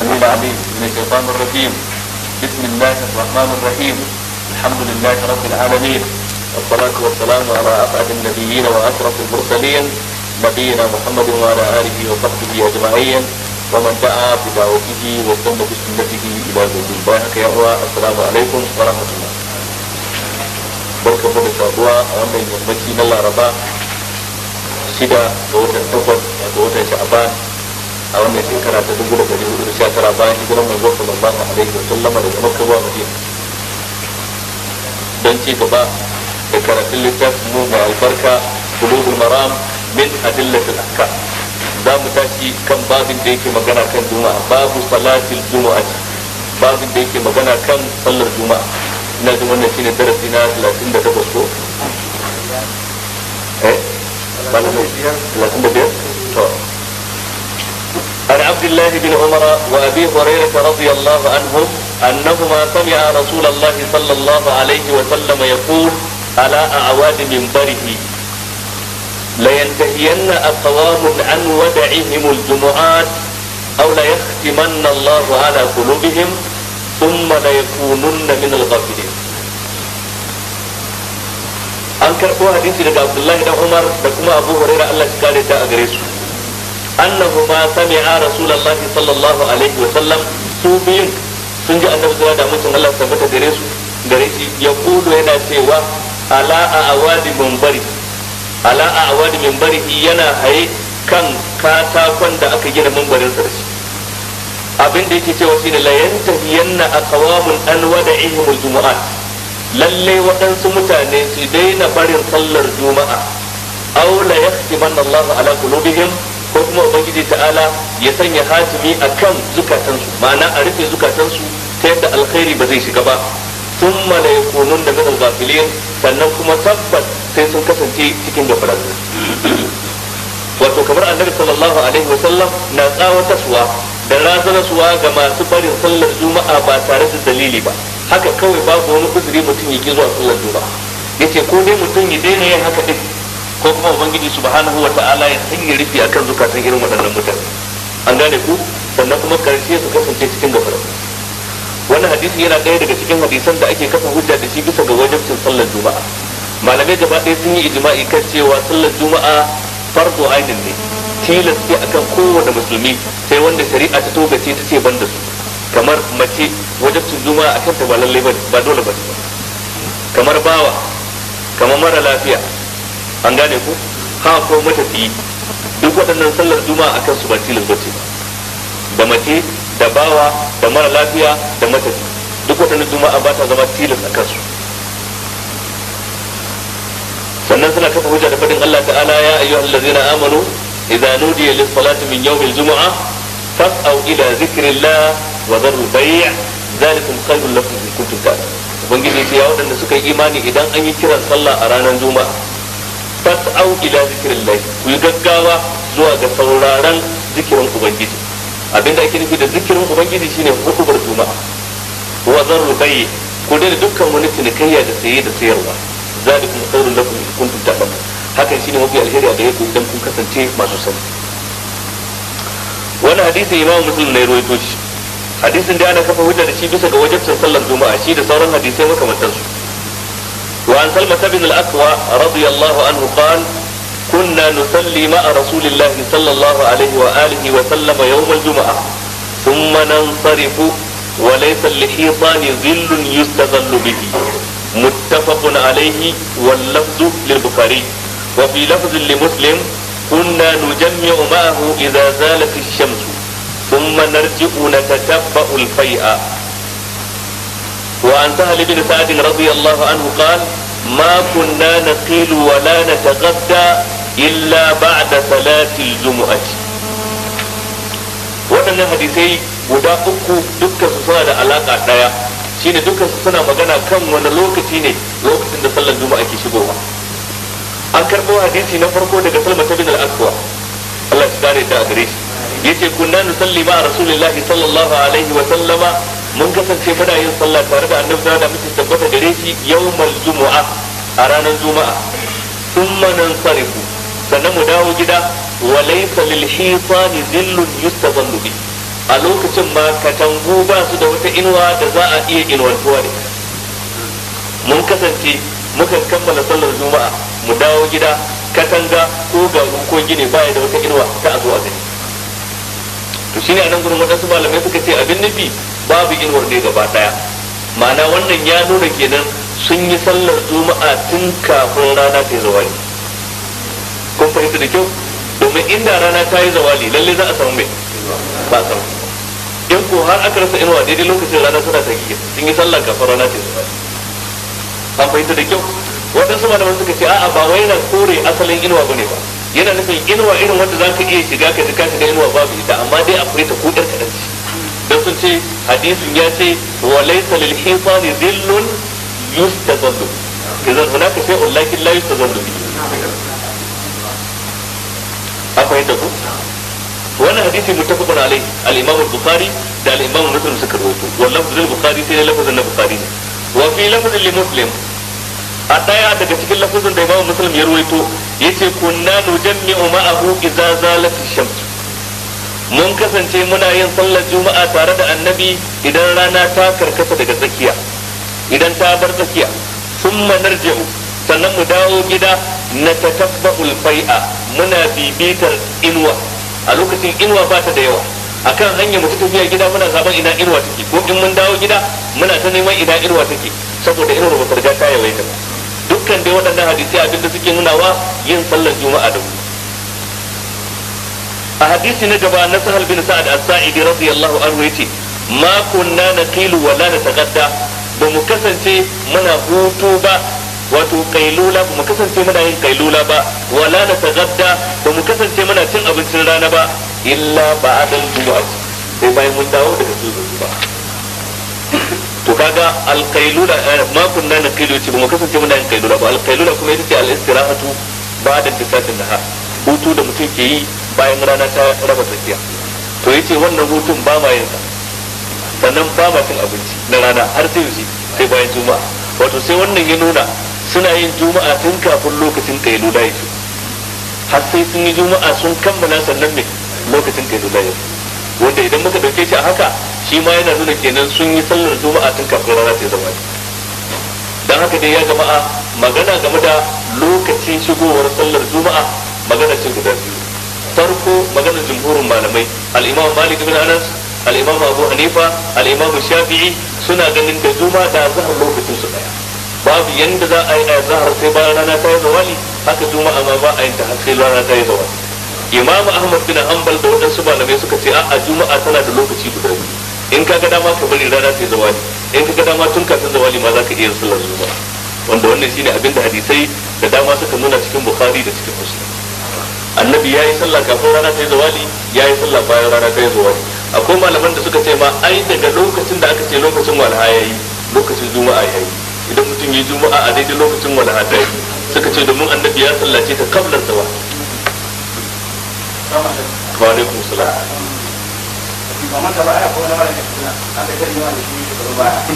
السميع العليم من الشيطان الرجيم بسم الله الرحمن الرحيم الحمد لله رب العالمين والصلاة والسلام على أسعد النبيين وأشرف المرسلين نبينا محمد وعلى آله وصحبه أجمعين ومن دعا بدعوته واستنى بسنته إلى يوم الباهك يا السلام عليكم ورحمة الله barkan mu da saduwa a wannan yammaci na laraba shida ga watan takwas ga watan sha'aban a wannan shekara ta dubu da dari hudu da sha tara bayan hijirar ba sallallahu alaihi wa lamar da makka zuwa madina don ci gaba da karatun littafin mu mai albarka bulugul maram min adillatil ahkam za mu tashi kan babin da yake magana kan juma'a babu salatil juma'a babin da yake magana kan sallar juma'a ina jin wannan shine darasi na 38 ko eh 35 to عن عبد الله بن عمر وابي هريره رضي الله عنهم انهما سمعا رسول الله صلى الله عليه وسلم يقول على اعواد منبره لينتهين اقوام عن ودعهم الجمعات او ليختمن الله على قلوبهم ثم ليكونن من الغافلين انكر هو حديث عبد الله بن عمر da ابو هريره الله allah shi kare annahuma sami'a rasulullahi sallallahu alaihi wa sallam su biyun sun ji annabi zuwa da mutum Allah tabbata gare su shi ya yana cewa ala awadi mumbari ala a awadi mumbari yana haye kan katakon da aka gina mumbarin sa da shi abin da yake cewa shine la yantahiyanna aqwamun an wada'ihim aljumu'at waɗansu mutane su daina barin sallar juma'a aw la yahtimanna Allahu ala qulubihim ko kuma ubangiji ta'ala ya sanya hatimi akan zukatansu ma'ana a rufe zukatansu ta yadda alkhairi ba zai shiga ba thumma la yakunun da minal ghafilin sannan kuma tabbas sai sun kasance cikin gafararru wato kamar annabi sallallahu alaihi wasallam na tsawatarwa da razanarwa ga masu barin sallar juma'a ba tare da dalili ba haka kawai babu wani uzuri mutum ya ki zuwa sallar juma'a yace ko dai mutum ya daina yin haka din ko kuma ubangiji subhanahu wa ta'ala ya sanya rufi akan zukatan irin waɗannan mutane an gane ku sannan kuma karshe su kasance cikin gafara wannan hadisi yana ɗaya daga cikin hadisan da ake kafa hujja da shi bisa ga wajibcin sallar juma'a malamai gaba ɗaya sun yi ijma'i kan cewa sallar juma'a farko ainin ne tilas ce akan kowane musulmi sai wanda shari'a ta ce ta ce ban da su kamar mace wajibcin juma'a akan ta ba lallai ba dole ba kamar bawa kamar mara lafiya an gane ku ha ko matafi duk waɗannan sallar juma'a akan su ba tilas bace da mace da bawa da mara lafiya da matafi duk waɗannan juma'a ba ta zama tilas akan su sannan suna kafa hujja da faɗin Allah ta'ala ya ayyuhal ladzina amanu idza nudiya lis salati min yawmil jumu'ah fas'au ila zikrillah wa dharul bay' zalikum khairul lakum in kuntum ta'lamun ubangiji ya waɗanda suka yi imani idan an yi kiran sallah a ranar juma'a fas'au ila zikrillah ku yi gaggawa zuwa ga sauraron zikirin ubangiji abinda ake nufi da zikirin ubangiji shine hukubar juma'a wa zarru bayyi ku da dukkan wani cinikayya da saye da sayarwa zalikum khairul lakum in kuntum ta'lamun hakan shine mafi alheri da yake dan kun kasance masu sani wannan hadisi imamu muslim ne ruwaito shi hadisin da ana kafa hujja da shi bisa ga wajibcin sallar juma'a shi da sauran hadisai makamantansu وعن سلمة بن الأكوع رضي الله عنه قال كنا نصلي مع رسول الله صلى الله عليه وآله وسلم يوم الجمعة ثم ننصرف وليس لحيطان ظل يستظل به متفق عليه واللفظ للبخاري وفي لفظ لمسلم كنا نجمع معه إذا زالت الشمس ثم نرجع نتتبع الفيئة وعن سهل بن سعد رضي الله عنه قال ما كنا نقيل ولا نتغدى إلا بعد صلاة الجمعة waɗannan hadisai guda uku dukkan suna da alaƙa ɗaya shine dukkan suna magana kan wani lokaci ne lokacin da sallar juma'a ke shigowa an karɓo hadisi na farko daga salma ta bin al-aswa Allah shi kare ta a gare shi yace kunna nusalli ma rasulillahi sallallahu alaihi wa sallama mun kasance muna yin sallah tare da annabi da muke tabbata gare shi yawmal jumu'a a ranar juma'a thumma nansarifu sannan mu dawo gida wa laysa lil shaytani dhillun yustadhallu bi a lokacin ma katangu ba su da wata inuwa da za a iya inuwantuwa da mun kasance mukan kammala sallar juma'a mu dawo gida katanga ko garu ko gine baya da wata inuwa ta a gani to shine a nan gurin waɗansu malamai suka ce abin nufi babu yin warde gaba ɗaya ma'ana wannan ya nuna kenan sun yi sallar juma'a tun kafin rana ta yi zawali kun fahimta da kyau domin inda rana ta yi zawali lalle za a samu mai ba samu yan ko har aka rasa inuwa daidai lokacin rana tana ta giya sun yi sallar kafin rana ta yi zawali an fahimta da kyau waɗansu malamai suka ce a'a ba wai na kore asalin inuwa bane ba yana nufin inuwa irin wanda za ka iya shiga ka ka shiga inuwa babu ita amma dai akwai ta kudar kaɗan ce don sun ce hadisin ya ce wa laysa lil hisani dhillun yustazallu idan hunaka shay'un lakin la yustazallu bihi akwai ta ku wannan hadisi muttafaqun alai al-imam al-bukhari da al-imam muslim suka rawaito wallahu zul bukhari sai lafazin na bukhari ne wa fi lafazin li muslim a daya daga cikin lafazin da imamu muslim ya ruwaito yace kunna nujammi'u ma'ahu idza za ash-shams mun kasance muna yin sallar juma'a tare da annabi idan rana ta karkata daga tsakiya idan ta bar tsakiya summa narji'u sannan mu dawo gida na tatabba'ul fai'a muna bibitar inuwa a lokacin inuwa ba ta da yawa akan hanyar mu tafiya gida muna zaben ina inuwa take ko in mun dawo gida muna ta neman ina inuwa take saboda inuwa ba ta riga ta yawaita ba dukkan dai waɗannan hadisai abinda suke nunawa yin sallar juma'a da a hadisi na gaba na sahal bin sa'ad as-sa'idi radiyallahu anhu yace ma kunna naqilu wala nataqadda ba mu kasance muna hutu ba wato kailula ba mu kasance muna yin kailula ba wala nataqadda ba mu kasance muna cin abincin rana ba illa ba'da juma'a sai bayan mun dawo daga zuwa ba to kaga alqailula ma kunna naqilu ce ba mu kasance muna yin qailula ba alqailula kuma ita ce al-istirahatu ba'da tisatin ha hutu da mutum ke yi bayan rana ta raba tsakiya to yace wannan hutun ba ma yin sa sannan ba ma cin abinci na rana har sai yaushe sai bayan juma'a wato sai wannan ya nuna suna yin juma'a tun kafin lokacin kailula ya har sai sun yi juma'a sun kammala sannan me lokacin kailula ya wanda idan muka dauke shi a haka shi ma yana nuna kenan sun yi sallar juma'a tun kafin rana ta zama dan haka dai ya jama'a magana game da lokacin shigowar sallar juma'a magana ce guda biyu farko magana jumhurin malamai al-imam malik bin anas al-imam abu hanifa al-imam shafi'i suna ganin da juma'a da zahar lokacin su daya babu yanda za a yi a zahar sai bayan rana ta yi zawali haka juma'a ma ba a yin ta har sai rana ta yi zawali imam ahmad bin hanbal da waɗansu malamai suka ce a'a juma'a tana da lokaci guda biyu in ka ga dama ka bari rana ta zawali in ka ga dama tun kafin zawali ma za ka iya sallar zuwa wanda wannan shine abin da hadisai da dama suka nuna cikin bukhari da cikin muslim annabi ya yi sallah kafin rana ta yi zawali ya yi sallah bayan rana ta yi zawali akwai malaman da suka ce ma ai daga lokacin da aka ce lokacin walha ya yi lokacin juma'a ya yi idan mutum ya juma'a a daidai lokacin walha ta yi suka ce domin annabi ya sallace ta kablar zawali wa alaikum salam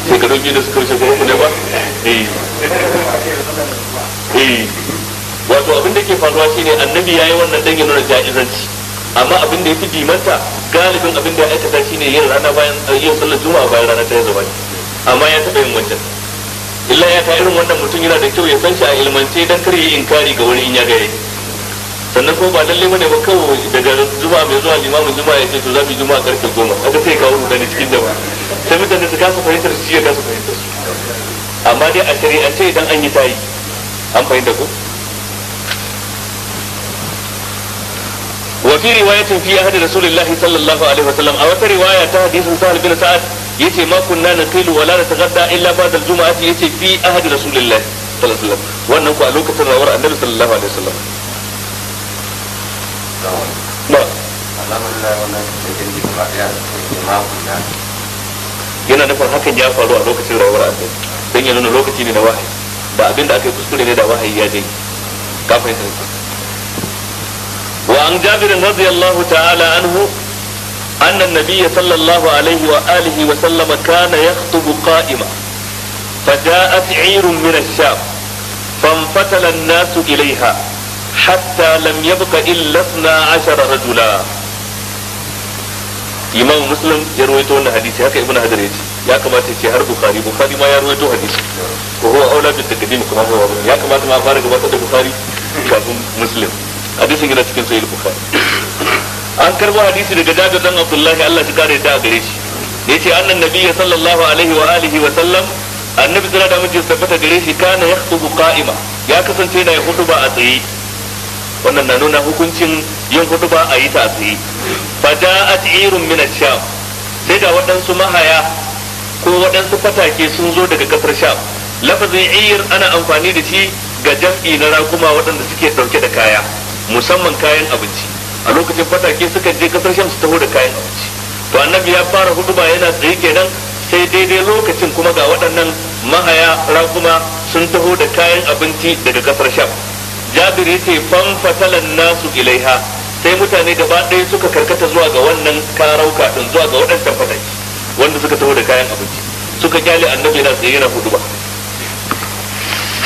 shekarun biyu da suka wuce ba ne ba eh. Eh. wato abin da ke faruwa shine annabi ya yi wannan dangin na ja'izanci amma abin da ya fi dimanta galibin abin da ya aikata shine yin rana bayan eh, yin sallar juma'a bayan rana ta yi zuwa amma ya taɓa yin wancan illa ya ta irin wannan mutum yana da kyau ya san shi a ilmance dan kar ya yi inkari ga wani in ya gaya sannan kuma ba lalle bane ba kawai daga juma'a mai zuwa limamin juma'a ya ce to za juma juma'a karfe goma haka sai kawo gani cikin jama'a sai mutane su kasa fahimtar su ya kasa fahimtar su amma dai a shari'ance idan an yi tayi an fahimta ko وفي رواية في أحد رسول الله صلى الله عليه وسلم أو رواية حديث سهل بن سعد يتي ما كنا نقيل ولا نتغدى إلا بعد الجمعة يتي في أحد رسول الله صلى الله عليه وسلم وأنه قالوا كتر النبي صلى الله عليه وسلم yana nufin hakan ya faru a lokacin rayuwar annabi don ya lokaci ne na wahayi da abin da aka yi kuskure ne da wahayi ya wa an jabirin radiyallahu ta'ala anhu أن النبي صلى الله عليه وآله وسلم كان hatta lam yabqa illa 12 rajula imam muslim ya rawaito wannan hadisi haka ibnu hajar ya kamata ce har bukhari bukhari ma ya rawaito hadisi ko huwa aula bi taqdim kuma ya kamata ma fara gabatar da bukhari kafin muslim hadisin yana cikin sahih bukhari an karbo hadisi daga jabir dan abdullah Allah shi kare da gare shi yace annan nabiyyi sallallahu alaihi wa alihi wa sallam annabi sallallahu alaihi wa sallam tabbata gare shi kana ya kasance yana hutuba a tsaye wannan na nuna hukuncin yin hudu ba a yi ta tsaye faja'at irun min sham sai da waɗansu mahaya ko waɗansu fatake sun zo daga kasar sham lafazin ir ana amfani da shi ga jam'i na rakuma waɗanda suke ɗauke da kaya musamman kayan abinci a lokacin fatake suka je kasar sham su taho da kayan abinci to annabi ya fara huduba yana tsaye kenan sai daidai lokacin kuma ga waɗannan mahaya rakuma sun taho da kayan abinci daga kasar sham jabir ya ce fan fasalan nasu ilaiha sai mutane gaba ɗaya suka karkata zuwa ga wannan karauka din zuwa ga waɗancan fataki wanda suka taho da kayan abinci suka kyale annabi na tsaye na hudu ba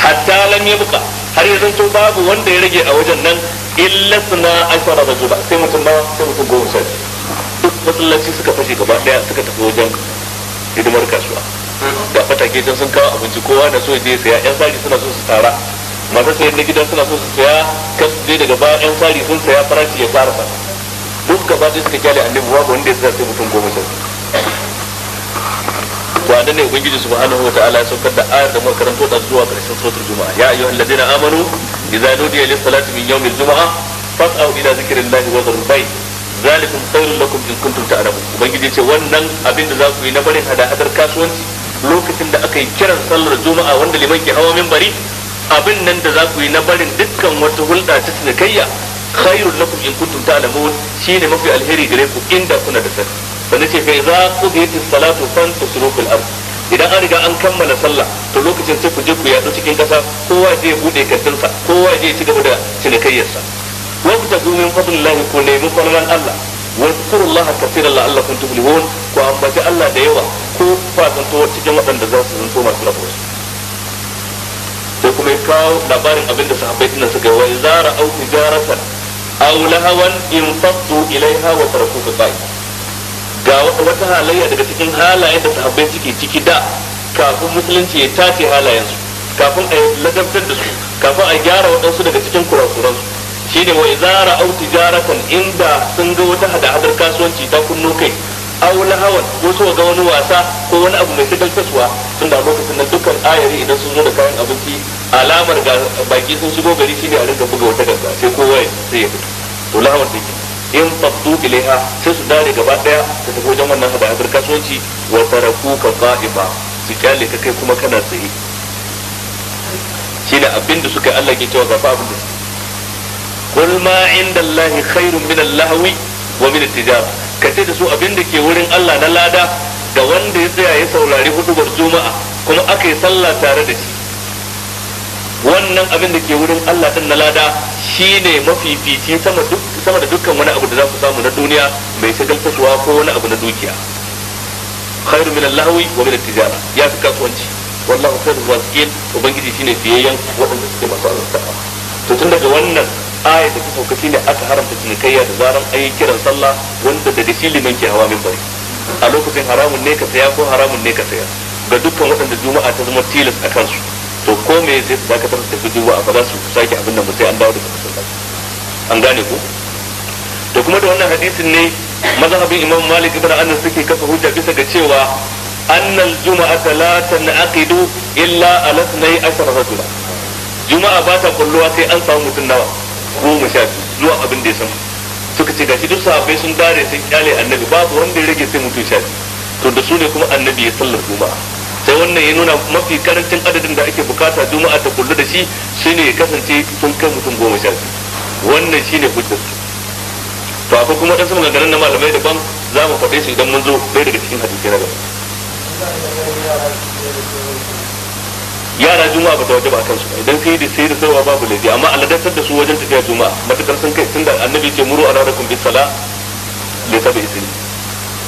hatta lam yabqa har yanzu to babu wanda ya rage a wajen nan illa suna ashara rajula sai mutum ba sai mutum goma sai duk masallaci suka fashe gaba ɗaya suka tafi wajen hidimar kasuwa da fatake can sun kawo abinci kowa na so je saya yan sari suna so su tara masu sayar da gidan suna so su saya kan su je daga baya yan sari sun saya farashi ya fara fara duk gaba da suka kyale annabi babu wanda ya sa sai mutum goma sha to a ne ubangiji subhanahu wa ta'ala ya saukar da ayar da muka karanto da zuwa karshen sotar juma'a ya ayyuhal ladina amanu idza nudiya lis salati min yawmil juma'a fas'au ila zikrillahi wa dharul bayt zalikum khairul lakum in kuntum ta'lamun ubangiji ce wannan abin da za ku yi na barin hada hadar kasuwanci lokacin da aka yi kiran sallar juma'a wanda liman ke hawa minbari abin nan da za ku yi na barin dukkan wata hulɗa ta cinikayya khairun lakum in kuntum ta'lamun shine mafi alheri gare ku inda kuna da sani sannan ce fa idza qudiyatis salatu fantashiru fil ard idan an riga an kammala sallah to lokacin sai ku je ku yaɗu cikin ƙasa kowa zai bude kaddansa kowa zai ci gaba da cinikayyarsa wa ku tabu min fadlillahi ku nemi falman Allah wa zkurullaha katsiran la'allakum tuflihun ku ambaci Allah da yawa ko fasanto cikin waɗanda za su zanto masu rabuwa da kuma ya kawo labarin abinda sahabbai dinnan suka yi wa zara au hijaratan au lahawan in fattu ilaiha wa tarkuka qa'id ga wata halayya daga cikin halayen da sahabbai suke ciki da kafin musulunci ya tace halayensu kafin a ladabtar da su kafin a gyara waɗansu daga cikin kurakuransu shi ne wai zara au tijaratan inda sun ga wata hada-hadar kasuwanci ta kunno kai aw lahawan ko so ga wani wasa ko wani abu mai shagaltarwa tun da lokacin nan dukkan ayari idan sun zo da kayan abinci alamar ga baki sun shigo gari ne a rinka buga wata ganga sai kowa sai ya fito to lahawan take in faddu ilaiha sai su dare gaba daya ta tafi wajen wannan hada kasuwanci wa tarakuka qa'iba su kyale ka kai kuma kana tsaye shine abin da suka Allah ke cewa ga fa abin da qul ma inda Allah khairun min al-lahwi wa min at-tijara ka ce da su abin da ke wurin Allah na lada da wanda ya tsaya ya saurari hudubar juma'a kuma aka yi sallah tare da shi wannan abin da ke wurin Allah din na lada shine mafifici sama duk sama da dukkan wani abu da za ku samu na duniya mai shagaltaswa ko wani abu na dukiya khairu min allahi wa min tijara ya fi kasuwanci wallahu khairu wasil ubangiji shine fiyayyen wadanda suke masu arziki to tun daga wannan aya da ta sauka shine aka haramta cinikayya da zaran an yi kiran sallah wanda da shi liman ke hawa bari a lokacin haramun ne ka saya ko haramun ne ka saya ga dukkan waɗanda juma'a ta zama tilas a kansu to ko me zai su dakatar da tafi juma'a ba za su sake abin da ba sai an dawo da sallah an gane ko to kuma da wannan hadisin ne mazhabin imam malik ibn anas suke kafa hujja bisa ga cewa annal juma'ata la tanaqidu illa ala 12 rajula juma'a ba ta kulluwa sai an samu mutun nawa goma sha biyu zuwa abin da ya san suka ce gashi duk sahabbai sun dare sun kyale annabi babu wanda ya rage sai mutum sha to da su ne kuma annabi ya sallar juma'a sai wannan ya nuna mafi karancin adadin da ake bukata juma'a ta kullu da shi shine ya kasance sun kai mutum goma sha biyu wannan shi ne hujjar to akwai kuma dan sama gangaran na malamai daban za mu faɗe su idan mun zo ɗaya daga cikin hadisi na gaba yara juma'a ba ta waje ba kansu idan kai da sai da sarwa babu laifi amma aladatar da su wajen tafiya juma'a matakar sun kai tunda annabi ce muru ala rakum bis sala da sabai isini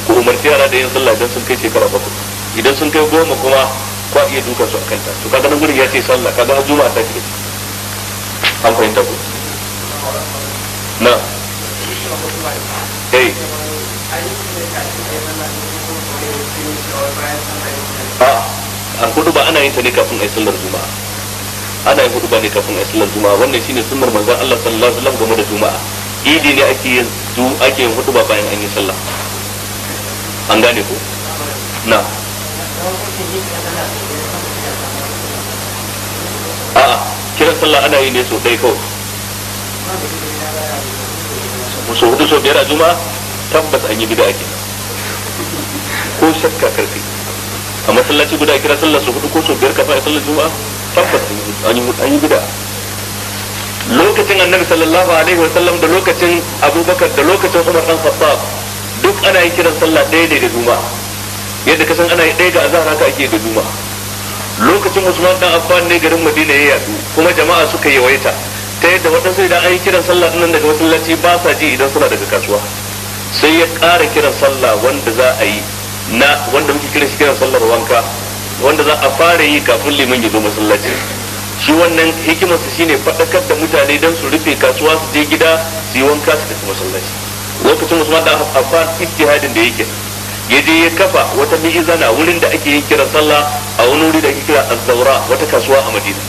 ku umarci yara da yin sallah idan sun kai shekara bakwai idan sun kai goma kuma kwa iya dukan su a kanta to kaga nan gurin ya ce sallah kaga har juma'a ta kire an fahimta ku na eh a ah. har hudu ba ana yin ta ne kafin ayi sallar juma'a ana yin hudu ba ne kafin ayi sallar juma'a wannan shine sunnar manzon Allah sallallahu alaihi wasallam game da juma'a idi ne ake yin du ake yin hudu ba bayan an yi sallah an gane ko na a kiran sallah ana yi ne so dai kawai so hudu so biyar a juma'a tabbas an yi bida ake ko shakka karfi a masallaci guda kira sallar su hudu ko su biyar kafa a sallar juma'a tabbas an yi an yi bid'a lokacin annabi sallallahu alaihi wa sallam da lokacin abubakar da lokacin umar dan khattab duk ana yin kiran sallah ɗaya da juma'a yadda kasan ana yi ɗaya ga azhar haka ake da juma'a lokacin usman dan affan ne garin madina ya yadu kuma jama'a suka yawaita ta yadda waɗansu idan an yi kiran sallah nan daga masallaci ba sa ji idan suna daga kasuwa sai ya ƙara kiran sallah wanda za a yi na wanda muke kira shi kiran sallar wanka wanda za a fara yi kafin liman ya zo masallaci shi wannan hikimarsa shine faɗakar da mutane don su rufe kasuwa su je gida su yi wanka su tafi masallaci lokacin usman da affan ijtihadin da yake ya je ya kafa wata mi'izana wurin da ake yin kiran sallah a wani wuri da ake kira azzaura wata kasuwa a madina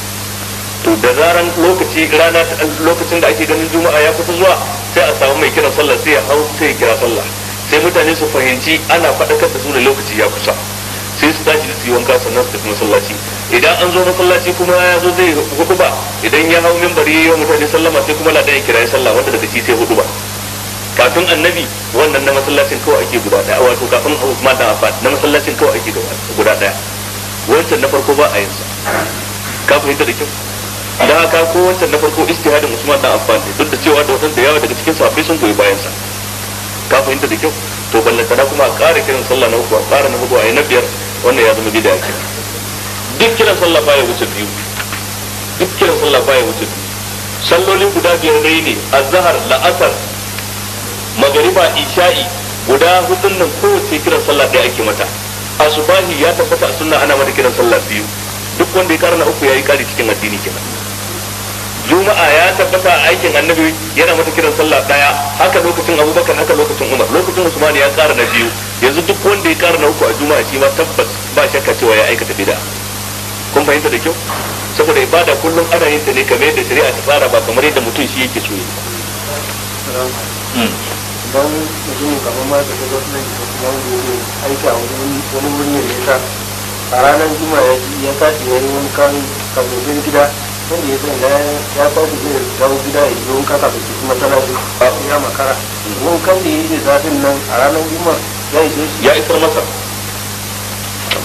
to da zaran lokaci rana lokacin da ake ganin juma'a ya kusa zuwa sai a samu mai kiran sallah sai ya hau sai ya kira sallah sai mutane su fahimci ana faɗakar da su da lokaci ya kusa sai su tashi da su yi wanka sannan su tafi masallaci idan an zo masallaci kuma ya zo zai hudu ba idan ya hau mimbari ya yi wa mutane sallama sai kuma ladan ya kira ya sallah wanda daga ci sai hudu ba kafin annabi wannan na masallacin kawai ake guda daya wato kafin Usman da na masallacin kawai ake guda daya wancan na farko ba a yin sa ka fahimta da kyau da haka ko wancan na farko istihadin Usman da amfani duk da cewa da wadanda yawa daga cikin sahabbai sun goyi bayan sa ka fahimta da kyau to ballantana kuma a ƙara kiran sallah na uku a ƙara na hudu a yi na biyar wannan ya zama bid'a ake duk kiran sallah baya wuce biyu duk kiran sallah baya wuce biyu sallolin guda biyar dai ne azhar la'asar magariba isha'i guda hudun nan kowace kiran sallah ɗaya ake mata asubahi ya tabbata a sunna ana mata kiran sallah biyu duk wanda ya kara na uku ya yi ƙari cikin addini kenan juma'a ya tabbata aikin annabi yana mata kiran sallah daya haka lokacin abubakar haka lokacin umar lokacin usman ya kara na biyu yanzu duk wanda ya kara na uku a juma'a shi ma tabbas ba shakka cewa ya aikata bid'a kun fahimta da kyau saboda ibada kullum ana yin ta ne kamar yadda shari'a ta tsara ba kamar yadda mutum shi yake so yi hmm. idan mutum kamar ma ta shiga nan aiki a wani wurin ne ya sa a ranar juma'a ya tashi ya yi wani kan gida wanda ya ya zai yi ba su da ya yi da zafin nan a ranar juma ya shi ya isar masa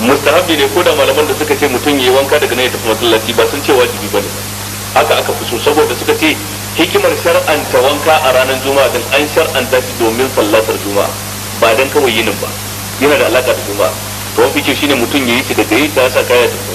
mustahabi ne ko da malaman da suka ce mutum ya yi wanka daga nan ya tafi masallaci ba sun ce wajibi ba ne haka aka fi saboda suka ce hikimar shar'anta wanka a ranar juma'a din an shar'anta shi domin sallatar juma'a ba dan kawai yinin ba yana da alaka da juma'a to wafi kyau shine mutum ya yi shi daga yi ta sa kaya ta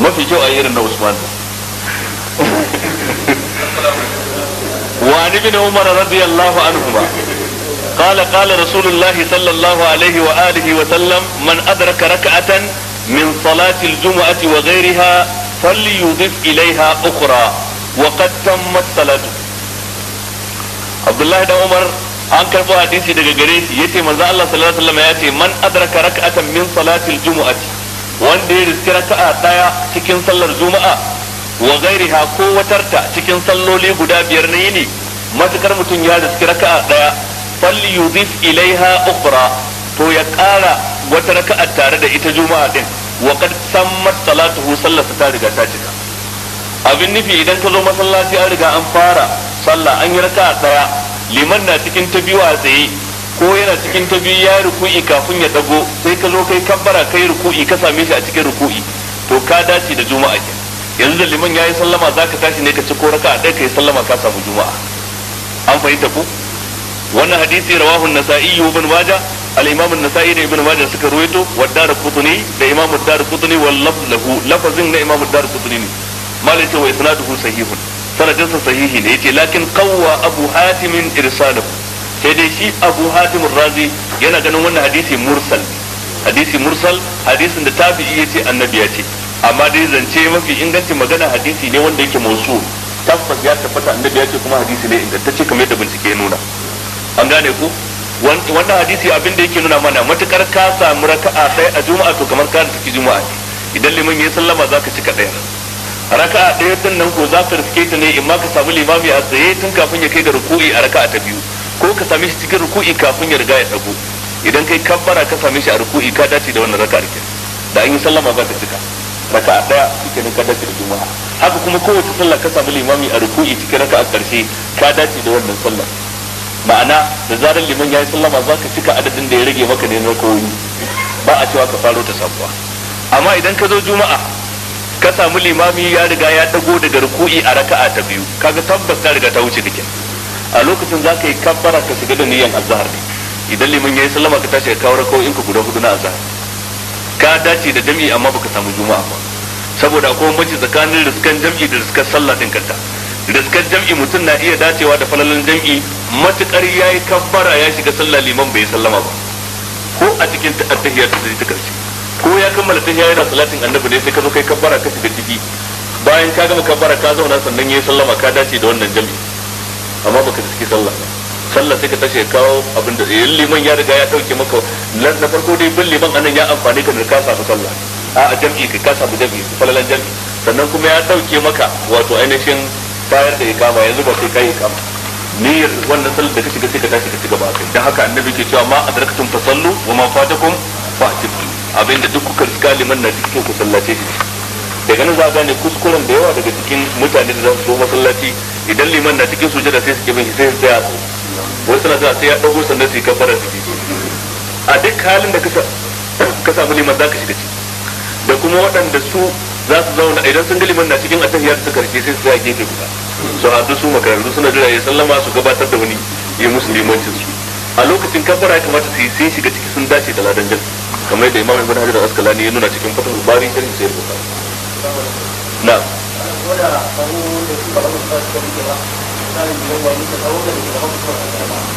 ما في جو yi irin na وعن ابن عمر رضي الله عنهما قال قال رسول الله صلى الله عليه وآله وسلم من أدرك ركعة من صلاة الجمعة وغيرها فليضف إليها أخرى وقد تمت صلاته عبد الله بن عمر an karbo hadisi daga gare shi yace manzo Allah sallallahu alaihi wasallam yace man adraka rak'atan min salatil jumu'ati wanda ya riski raka'a daya cikin sallar juma'a wa ghairiha ko watarta cikin salloli guda biyar na yini matukar mutum ya riski raka'a daya falli yudif ilaiha ukhra to ya kara wata raka'a tare da ita juma'a din wa qad sammat salatuhu sallarsa ta riga ta cika abin nufi idan ka zo masallaci an riga an fara sallah an yi raka'a daya liman na cikin ta biyu a tsaye ko yana cikin ta biyu ya ruku'i kafin ya dago sai ka zo kai kabbara kai ruku'i ka same shi a cikin ruku'i to ka dace da juma'a ke yanzu da liman ya yi sallama za ka tashi ne ka ci ko a ɗaya yi sallama ka samu juma'a an fahimta ku wannan hadisi rawahu nasai ibn majah al-imam an-nasa'i da ibn majah suka ruwaito wa darqutni da imam ad-darqutni wal lafz lahu lafazin na imam ad-darqutni ne malai ce wa isnaduhu sahihun sanadin sa sahihi ne yace lakin qawwa abu hatim irsalu sai dai shi abu hatim razi yana ganin wannan hadisi mursal hadisi mursal hadisin da tabi'i yace annabi ya ce amma dai zance mafi ingancin magana hadisi ne wanda yake mausu tabbas ya tabbata annabi ya ce kuma hadisi ne ingantacce kamar yadda bincike ya nuna an gane ku wannan hadisi abin da yake nuna mana matukar ka samu raka'a sai a juma'a to kamar ka da juma'a idan liman ya sallama zaka ka daya a ɗaya din nan ko za ka riske ta ne in ma ka samu limami a tsaye tun kafin ya kai ga ruku'i a raka'a ta biyu ko ka same shi cikin ruku'i kafin ya riga ya tsago idan kai kabbara ka same shi a ruku'i ka dace da wannan raka ke da an yi sallama ba ka cika raka a ɗaya nan ka dace da juma'a haka kuma kowace sallah ka samu limami a ruku'i cikin raka a ƙarshe ka dace da wannan sallah ma'ana da zarar liman ya yi sallama za ka cika adadin da ya rage maka ne na koyi ba a cewa ka faro ta sabuwa amma idan ka zo juma'a ka samu limami ya riga ya dago daga ruku'i a raka'a ta biyu kaga tabbas ta riga ta wuce kake a lokacin za ka yi kabbara ka shiga da niyyar azhar ne idan liman ya yi sallama ka tashi ka kawo in ka guda hudu na azhar ka dace da jami'i amma baka samu juma'a ba saboda akwai bambanci tsakanin riskan jam'i da riskan sallah din kanta riskan jam'i mutum na iya dacewa da falalan jam'i matukar yayi kabbara ya shiga sallah liman bai sallama ba ko a cikin attahiyatu da ta karshe ko ya kammala ta yayin da salatin annabi ne sai ka zo kai kabbara ka shiga ciki bayan ka gama kabbara ka zauna sannan yayi sallama ka dace da wannan jami'i amma baka ciki sallah sallah sai ka tashi ka kawo abin da yayin eh, liman ya riga ya dauke maka na farko dai bin liman anan ya amfani ka da ka samu sallah a jami'i ka kasa samu jami'i falalan jami'i sannan kuma ya dauke maka wato ainihin tayar da ikama yanzu ba sai kai ikama niyyar wannan sallar da ka shiga sai ka tashi ka ci gaba kai dan haka annabi ke cewa ma adrakatum fasallu wa ma fatakum fa'tibu abinda duk kuka galiman liman na duk ku sallace shi daga nan za gane kuskuren da yawa daga cikin mutane da za su zo masallaci idan liman na cikin sujada sai su kibin shi sai su tsaya su wasu na sai ya dago sannan su yi kafara su a duk halin da ka samu liman za ka shiga ciki da kuma waɗanda su za su zauna idan sun ga liman na cikin atahiyar su karshe sai su tsaya gefe guda su haɗu su makarantu suna jira ya sallama su gabatar da wani ya musu limancin su a lokacin kafara ya kamata su yi sai shiga ciki sun dace da ladan jinsu kamar da imam ibn hajar askalani ya nuna cikin fatul bari sharhi sai ya buka na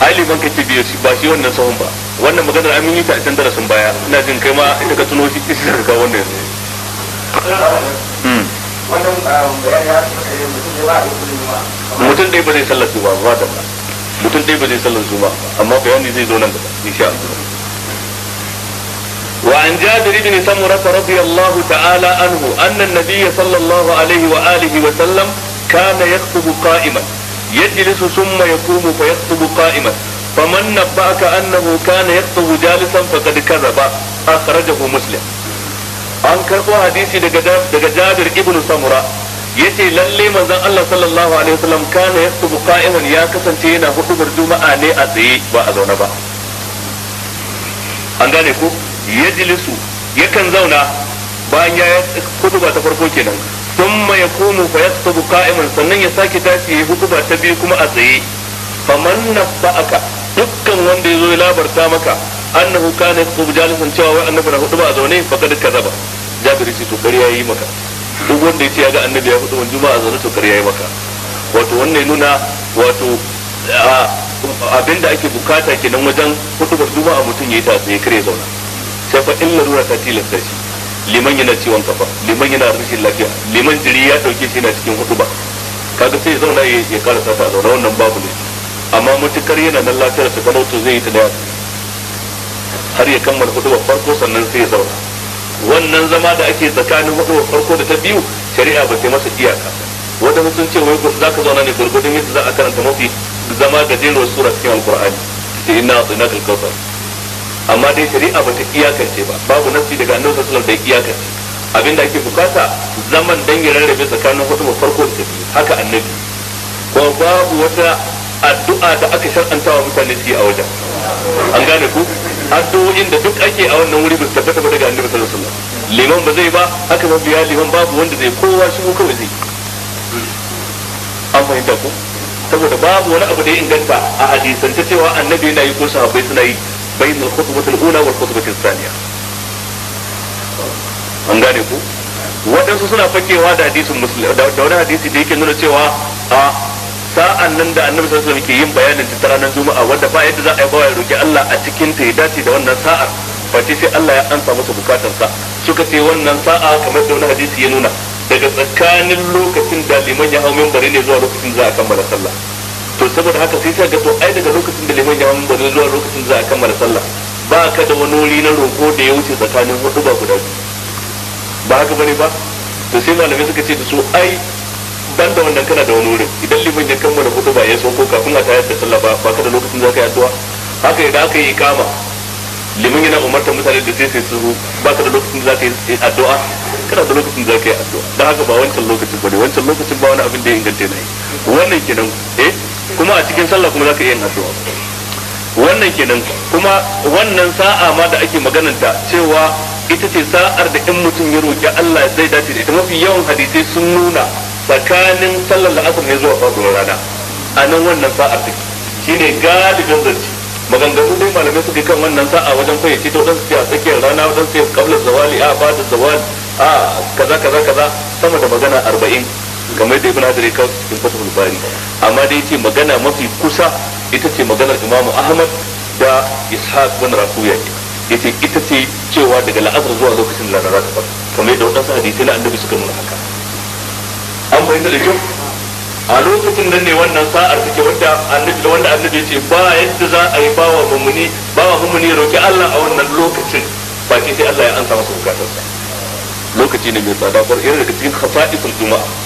ai liban kake biyo shi ba shi wannan sahun ba wannan maganar amini ta a darasin baya ina jin kai ma inda ka tuno shi isa ka kawo wannan yanzu hmm. mutum ɗaya ba zai sallar su ba ba da ba mutum ɗaya ba zai sallar su ba amma bayani zai zo nan gaba insha Allah وعن جابر بن سمرة رضي الله تعالى عنه أن النبي صلى الله عليه وآله وسلم كان يخطب قائما يجلس ثم يقوم فيخطب قائما فمن نبأك أنه كان يخطب جالسا فقد كذب أخرجه مسلم an karɓo hadisi daga jabir ibn samura ya ce lalle manzon Allah sallallahu alaihi wasallam kana yaktubu qa'iman ya kasance yana hudubar juma'a ne a tsaye ba a zaune ba an gane ku yajlisu yakan zauna bayan ya kutuba ta farko kenan thumma yaqumu fa yaktubu qa'iman sannan ya sake tashi ya ba ta biyu kuma a tsaye faman nafa'aka dukkan wanda yazo ya labarta maka annahu kana yaktubu jalisan cewa wai annabi na hudu ba a zaune faqad zaba jabiri ce to kariya yi maka duk wanda ya ce ya ga annabi ya hudu juma'a zaune to kariya yi maka wato wannan nuna wato abinda ake bukata kenan wajen hutubar juma'a mutum ya yi ta sai kare zauna sai fa illar ruwa ta tilasta shi liman yana ciwon kafa liman yana rashin lafiya liman jiri ya dauke shi yana cikin hutuba kaga sai zauna ya ya karasa ta zauna wannan babu ne amma mutukar yana nan lafiyar ta kalau to zai yi ta da har ya kammala ba farko sannan sai ya zauna wannan zama da ake tsakanin ba farko da ta biyu shari'a ba ta masa iyaka wanda sun ce wai za ka zauna ne gurgudun yadda za a karanta mafi zama gajeruwar sura cikin alkur'ani ina atsinaka alkawthar amma dai shari'a bata iyakance ba babu nasi daga annabi sallallahu alaihi wasallam da iyakance abinda ake bukata zaman dan ya rarrabe tsakanin hutu farko da tafi haka annabi ko babu wata addu'a da aka shar'anta wa mutane su yi a wajen an gane ku addu'o'in da duk ake a wannan wuri ba su tabbata ba daga annabi sallallahu alaihi wasallam liman ba zai ba haka ba biya liman babu wanda zai kowa shi kawai zai an fahimta ku saboda babu wani abu da ya inganta a hadisance cewa annabi yana yi ko sahabbai suna yi بين الخطبة الأولى والخطبة الثانية an gane ku waɗansu suna fakewa da hadisin muslim da wani hadisi da yake nuna cewa a sa'an nan da annabi sallallahu alaihi wasallam ke yin bayanin ta ranar juma'a wanda ba yadda za a yi bawa roki Allah a cikin ta ya dace da wannan sa'ar face sai Allah ya ansa masa bukatarsa suka ce wannan sa'a kamar da wani hadisi ya nuna daga tsakanin lokacin da liman ya hau minbari ne zuwa lokacin za a kammala sallah to saboda haka sai sai ga to ai daga lokacin da liman ya mun bari zuwa lokacin da za a kammala sallah ba ka da wani wuri na roko da ya wuce tsakanin hudu ba guda biyu ba haka bane ba to sai malami suka ce da su ai ban da wannan kana da wani wurin idan liman ya kammala hudu ba ya sauko kafin a tayar da sallah ba ba ka da lokacin za ka yi addu'a haka idan aka yi ikama liman yana umartar mutane da sai sai su ba ka da lokacin da za ka yi addu'a kana da lokacin da za ka yi addu'a don haka ba wancan lokacin ba ne wancan lokacin ba wani abin da ya inganta na yi wannan kenan eh kuma a cikin sallah kuma zaka iya yin addu'a wannan kenan kuma wannan sa'a ma da ake magananta cewa ita ce sa'ar da in mutum ya roƙi Allah zai dace da ita mafi yawan hadisai sun nuna tsakanin sallar la'asar ne zuwa farkon rana a nan wannan sa'ar take shine galibin zance maganganu dai malamai suka kan wannan sa'a wajen fayyace ta wadansu a tsakiyar rana wadansu ya kabla zawali a ba da zawali a kaza kaza kaza sama da magana arba'in kamar da ibn hajar ya kawo cikin fatahul bari amma dai yace magana mafi kusa ita ce maganar imamu ahmad da ishaq bin rakuya ya ita ce cewa daga la'asar zuwa lokacin da rana ta kamar yadda waɗansu hadisai na annabi suka nuna haka an bayyana da kyau a lokacin nan ne wannan sa'ar take wanda annabi da wanda annabi yace ba yadda za a yi wa mumuni bawa mumuni roki Allah a wannan lokacin ba sai Allah ya ansa masa bukatarsa lokaci ne mai tsada bar irin daga cikin khasa'isul juma'a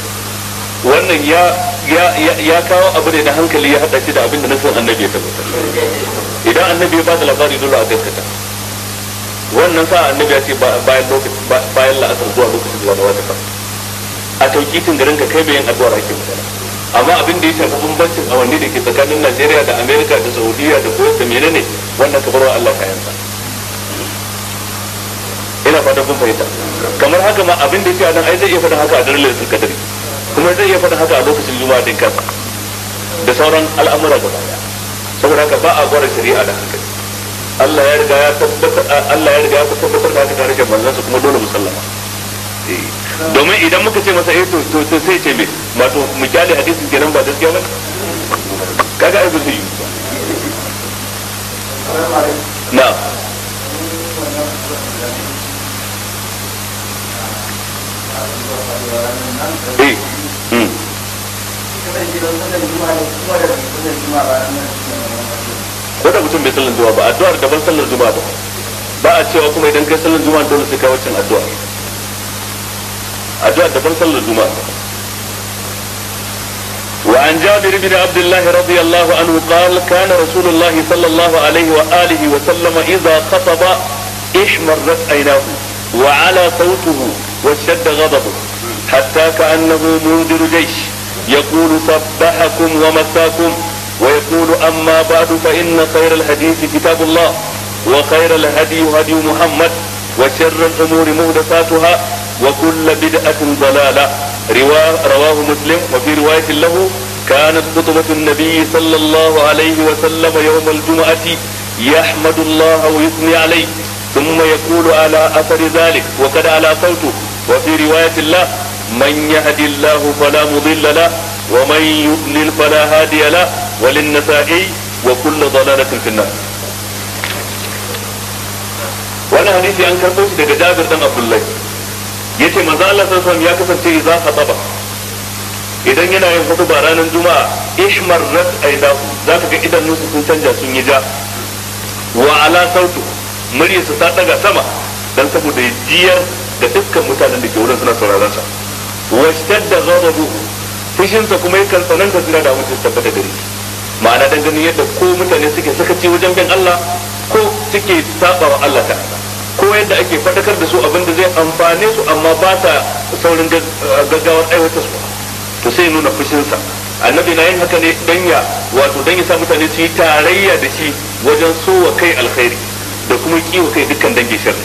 wannan ya kawo abu ne na hankali ya hada shi da abin da nasin annabi ya tabbatar idan annabi ya bada labari dole a gaskata wannan sa annabi ya ce bayan lokaci bayan la'asar zuwa lokacin da wata fa a taukitin garin ka kai bayan addu'ar ake magana amma abin da ya shafi bambancin awanni da ke tsakanin Najeriya da Amerika da Saudiya da Kuwait da menene wannan kabarwa Allah kayansa ina fata kun fahimta kamar haka ma abin da ya ce a nan ai zai iya faɗin haka a dare sun kadari kuma zai iya faɗin haka a lokacin zuwa din kansa da sauran al'amura guda daya saboda haka ba a gwara shari'a da haka Allah ya riga ya tabbatar Allah ya riga ya tabbatar da haka tare da manzon sa kuma dole mu sallama eh. domin idan muka ce masa eh to to sai ce me wato mu kyale hadisin kenan ba gaskiya ba kaga ai zai yi na'am eh ko da mutum bai sallar juma'a ba addu'ar daban sallar juma'a ba ba a cewa kuma idan kai sallar juma'a dole sai kai waccan addu'a addu'a daban sallar juma'a وعن جابر بن عبد الله رضي الله عنه قال كان رسول الله صلى الله عليه وآله وسلم إذا خطب احمرت عيناه وعلى صوته واشتد غضبه حتى كأنه منذر جيش يقول صبحكم ومساكم ويقول أما بعد فإن خير الحديث كتاب الله وخير الهدي هدي محمد وشر الأمور محدثاتها وكل بدعة ضلالة رواه مسلم وفي رواية له كانت خطبة النبي صلى الله عليه وسلم يوم الجمعة يحمد الله ويثني عليه ثم يقول على أثر ذلك وقد على صوته وفي رواية الله من يهد الله فلا مضل له ومن يضلل فلا هادي له وللنسائي وكل ضلالة في النار وانا حديثي عن كربوش دقى جابر دم عبد الله yace manzo Allah sallallahu alaihi ya kasance idza khataba idan yana yin ba ranar juma'a ishmarrat aidahu zaka ga idanunsa sun canja sun yi ja wa ala sautu muryarsa ta sama dan saboda jiyar da dukkan mutanen da ke wurin suna sauraron sa washtar da ghadabu fushinsa kuma yakan tsananta suna da mutum tabbata gare ma'ana dan ganin yadda ko mutane suke sakaci wajen bin Allah ko suke saba wa Allah ta ko yadda ake fadakar da su abin da zai amfane su amma ba sa saurin uh, gaggawar aiwatar su to sai nuna fushinsa annabi na yin haka ne dan ya wato dan ya sa mutane su yi tarayya da shi wajen so wa kai alkhairi da kuma kiwa kai dukkan dangin sharri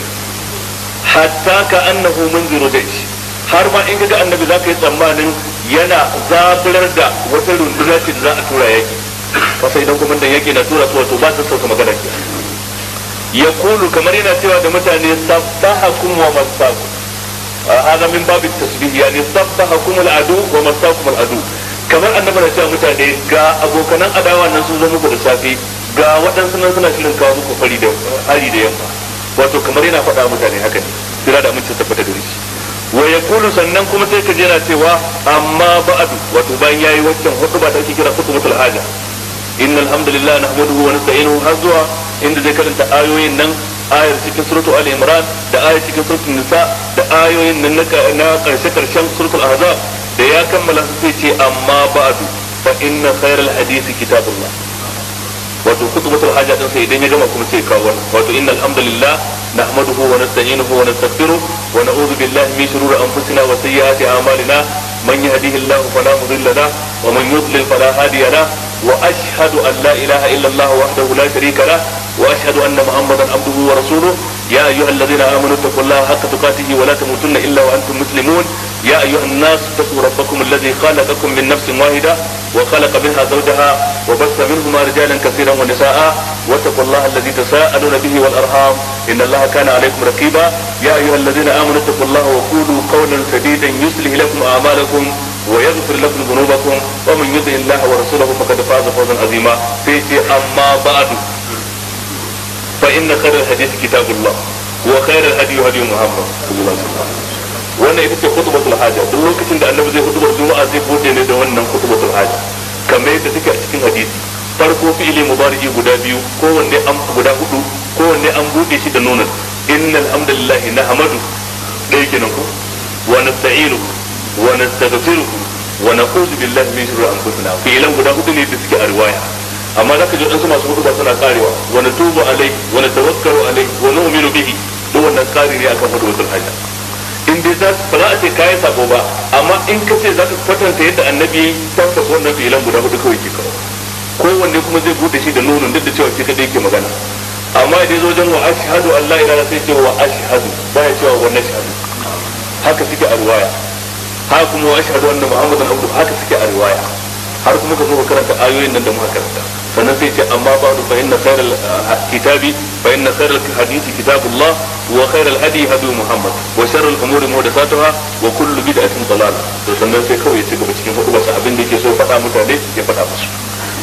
hatta ka annahu munziru dai. har ma in ga annabi za ka yi tsammanin yana zaburar da wata runduna ce da za a tura yaki ba sai don komandan yaki na tura tuwa to ba ta sauka magana ke ya kulu kamar yana cewa da mutane sabbahakum wa masakum hada min babu tasbih ne sabbahakum al-adu wa masakum al-adu kamar annabi na cewa mutane ga abokanan adawa nan sun zo muku da safe ga waɗansu nan suna shirin kawo muku fari da hari da yamma wato kamar yana faɗa mutane haka ne kira da mun ci tabbata da rishi wa yaqulu sannan kuma sai ka jira cewa amma ba'du wato bayan yayi waccan hutuba da ake kira khutbatul haja innal hamdalillah nahmaduhu wa nasta'inuhu hazwa inda zai karanta ayoyin nan ayar cikin suratul ali imran da ayar cikin suratul nisa da ayoyin nan na karshe karshen suratul ahzab da ya kammala sai ce amma ba'du fa inna khayral hadisi kitabullah wato kutubatul haja din sai idan ya gama kuma sai kawo wato innal hamdalillah nahmaduhu wa nasta'inuhu wa nastaghfiruh wa na'udhu billahi min shururi anfusina wa sayyiati a'malina man yahdihillahu fala mudilla lahu ومن يضلل فلا هادي له واشهد ان لا اله الا الله وحده لا شريك له واشهد ان محمدا عبده ورسوله يا ايها الذين امنوا اتقوا الله حق تقاته ولا تموتن الا وانتم مسلمون يا ايها الناس اتقوا ربكم الذي خلقكم من نفس واحده وخلق منها زوجها وبث منهما رجالا كثيرا ونساء واتقوا الله الذي تساءلون به والارحام ان الله كان عليكم رقيبا يا ايها الذين امنوا اتقوا الله وقولوا قولا سديدا يصلح لكم اعمالكم ويغفر لكم ذنوبكم ومن يطع الله ورسوله فقد فاز فوزا عظيما سيتي اما بعد فان خير الحديث كتاب الله وخير الهدي هدي محمد صلى الله عليه وسلم wannan ita ce khutbatul haja duk lokacin da annabi zai khutbar juma'a zai bude ne da wannan khutbatul haja kamar yadda take a cikin hadisi farko fi'ili mubariki guda biyu kowanne an guda hudu kowanne an bude shi da nunan innal hamdalillahi nahmadu dai kenan ko wa nasta'inuhu wa nastaghfiruhu wa na'udhu billahi min shururi anfusina fi'ilan guda hudu ne da suke a riwaya amma zaka ji wadansu masu hudu ba suna karewa wa natubu alai wa natawakkalu alai wa kari ne akan hudu wasul in dai za ba za a ce kayan sabo ba amma in ka ce za ka kwatanta yadda annabi tabbata wannan fi'ilan guda hudu kawai ke kawo wanne kuma zai bude shi da nono duk da cewa shi kadai ke magana amma idan zo jan wa ashhadu an la sai ce wa ashhadu baya cewa wa nashhadu haka suke a ha kuma wa ashhadu anna muhammadan abdu haka suke a riwaya har kuma ka zo ka karanta ayoyin nan da muka karanta sannan sai ce amma ba fa inna khairal ah, kitabi fa inna khairal hadisi kitabullah wa khairal hadi hadi muhammad wa sharral umuri muhdathatuha wa kullu bid'atin dalalah to sannan sai kawai ci gaba cikin hudu wasa abin da yake so faɗa mutane ya faɗa musu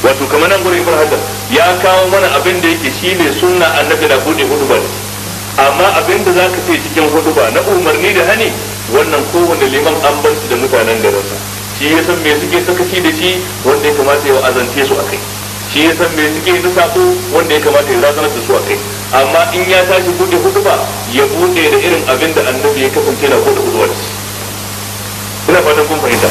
wato kamar nan gurin ibn hajar ya kawo mana abin da yake shine sunna annabi da bude hudu ba amma abin da zaka ce cikin hudu ba na umarni da hani wannan kowane liman an bar shi da mutanen garinsa shi ya san me suke sakaci da shi wanda ya kamata ya azance su akai shi ya san me suke na sako wanda ya kamata ya razanar da su akai amma in ya tashi bude huduba ya bude da irin abin da annabi ya kasance na bude huduba da shi ina fatan kun fahimta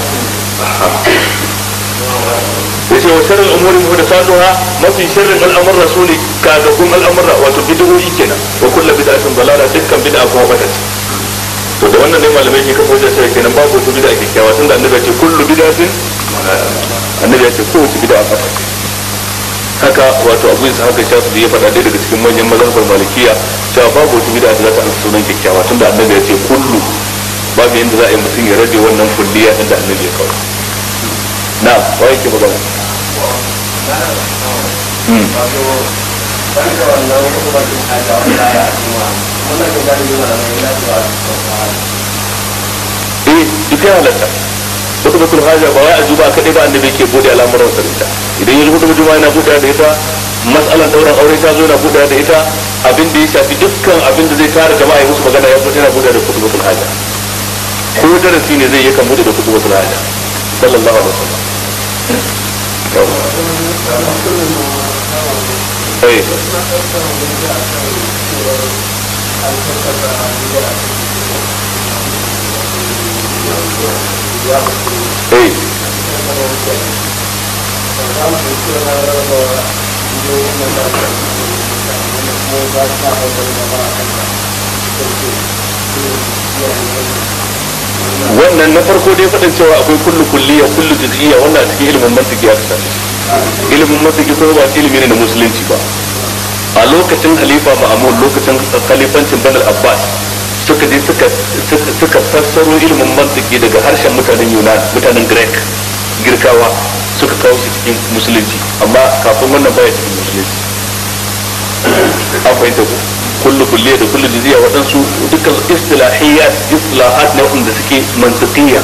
yace wa sharrin umuri muhdathatuha mafi sharrin al'amur rasuli kaga kun al'amura wato bid'o'i kenan wa kullu bid'atin dalala dukkan bid'a kuma bata to da wannan ne malamai ke kafa wajen cewa kenan babu wata bid'a kyakkyawa tun da annabi ya ce kullu bida sun annabi ya ce kowace bid'a a fata haka wato abu isa haka shafi ya faɗa ɗaya daga cikin manyan mazhabar malikiya cewa babu wata bid'a da za ta amsa sunan kyakkyawa tun da annabi ya ce kullu babu yadda za a yi mutum ya rage wannan kulliya tun da annabi ya kawo na wa yake magana Hmm. eh ita halatta wata bakul haja ba wai a juba kaɗai ba annabi ke bude al'amuran sa ita idan ya rubuta juma yana buɗe da ita matsalan ɗaurin aure ta zo na buɗe da ita abin da ya shafi dukkan abin da zai tara jama'a ya musu magana ya buɗe yana buɗe da kutu bakul haja ko darasi ne zai yi kan buɗe da kutu bakul haja sallallahu alaihi wasallam eh wannan na farko dai faɗin cewa akwai kullu kulliya kullu juz'iyya wannan a cikin ilimin mantiki ya kasance ilimin mantiki kuma ba ilimi ne na musulunci ba a lokacin halifa ma'amun lokacin khalifancin bani abbas suka je suka fassaro ilimin mantiki daga harshen mutanen yunan mutanen greek girkawa suka kawo shi cikin musulunci amma kafin wannan baya cikin musulunci akwai ta kullu kulliya da kullu jiziya waɗansu dukkan istilahiyat istilahat na wanda suke mantiqiyya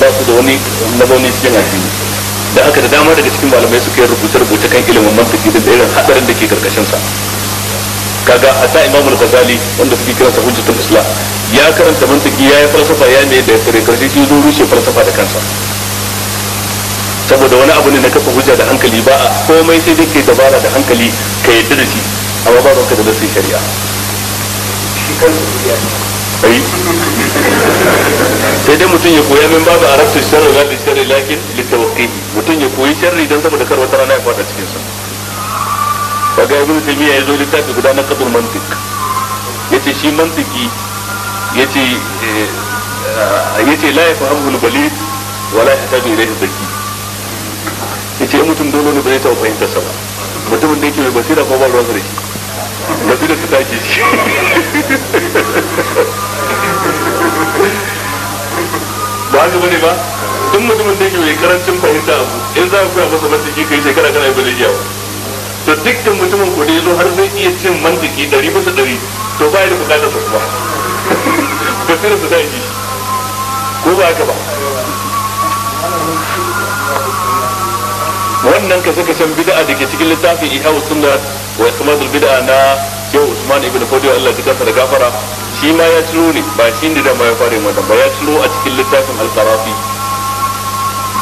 ba su da wani mazauni cikin addini da aka da dama daga cikin malamai suka yi rubuce-rubuce kan ilimin mantiki da irin hadarin da ke karkashin sa kaga hatta imamu al-ghazali wanda suke kiransa hujjatul islam ya karanta mantiki ya yi falsafa ya ne da kare karshe shi zo rushe falsafa da kansa saboda wani abu ne na kafa hujja da hankali ba a komai sai dai ke dabara da hankali ka yadda da shi amma ba ka da nasin shari'a shi kansa ai sai dai mutum ya koya min babu arabtu sharri ga li sharri lakin li mutum ya koyi sharri dan saboda kar wata rana ya fada cikin sa kaga ibnu taymiya yazo littafi guda na qadul mantiq yace shi mantiki yace eh, yace la yafahamu al balid wa la yahtaju ilayhi zaki yace mutum dole ne bai taɓa fahimta sa ba mutumin da yake mai basira ko ba ruwan sa da shi basira ta tashi ba haka bane ba duk mutumin da yake mai karancin fahimta abu in za ka koya masa mantiki kai shekara kana yi zai iya to dukkan mutumin ku da yazo har zai iya cin mantiki ɗari bisa ɗari to ba ya da bukatar sa kuma basirar su ta yi ko ba haka ba wannan ka saka san bid'a da ke cikin littafin ihya suna wa ikmadul bid'a na yau usman ibn fadiyo Allah ya kafa da gafara shi ma ya ciro ne ba shi ne da ya fara yin ba ya ciro a cikin littafin alkarafi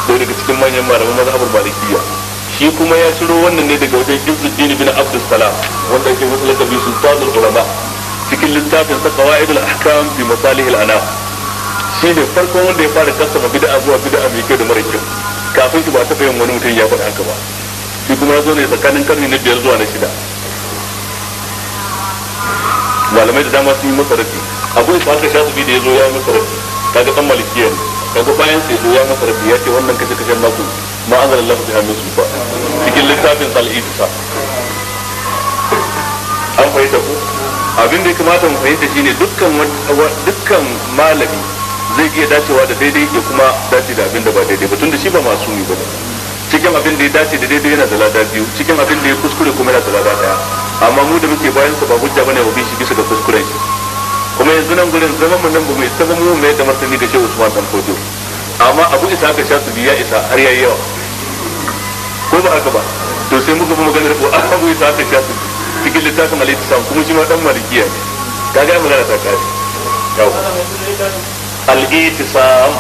ko daga cikin manyan malaman mazhabar malikiya shi kuma ya ciro wannan ne daga wajen Ibn bin Abdul Salam wanda ke wasu lakabi sultanul ulama cikin littafin sa qawaidul ahkam fi masalihil ana. shi ne farkon wanda ya fara kasama bid'a zuwa bid'a mai kyau da mara kyau kafin shi ba ta yin wani mutum ya faɗa haka ba shi kuma ya zo ne tsakanin karni na biyar zuwa na shida malamai da dama sun yi masa rafi abu ya haka shafi da ya zo ya yi masa rafi kaga dan malikiya ne kaga bayan sai zo ya masa rafi ya ce wannan kace kashe mako ma azal Allah bi su ba cikin littafin al-idsa an fahimta ku abin da ya kamata mu fahimta shine dukkan dukkan malami zai iya dacewa da daidai ya kuma dace da abin da ba daidai ba tunda shi ba ne ba ne cikin abin da ya dace da daidai yana da lada biyu cikin abin da ya kuskure kuma yana da lada daya amma mu da muke bayan sa ba hujja bane bi shi bisa ga kuskuren shi kuma yanzu nan gurin zaman mun nan ba mu isa mu mai da martani ga Sheikh Usman dan Kojo amma Abu Isa ka sha su biya isa har yayi yawa ko ba haka ba to sai muka bi maganar ko Abu Isa ka sha su cikin littafin Alaihi Sam kuma shi ma dan malikiya ne kaga magana ta kare yau al-itisam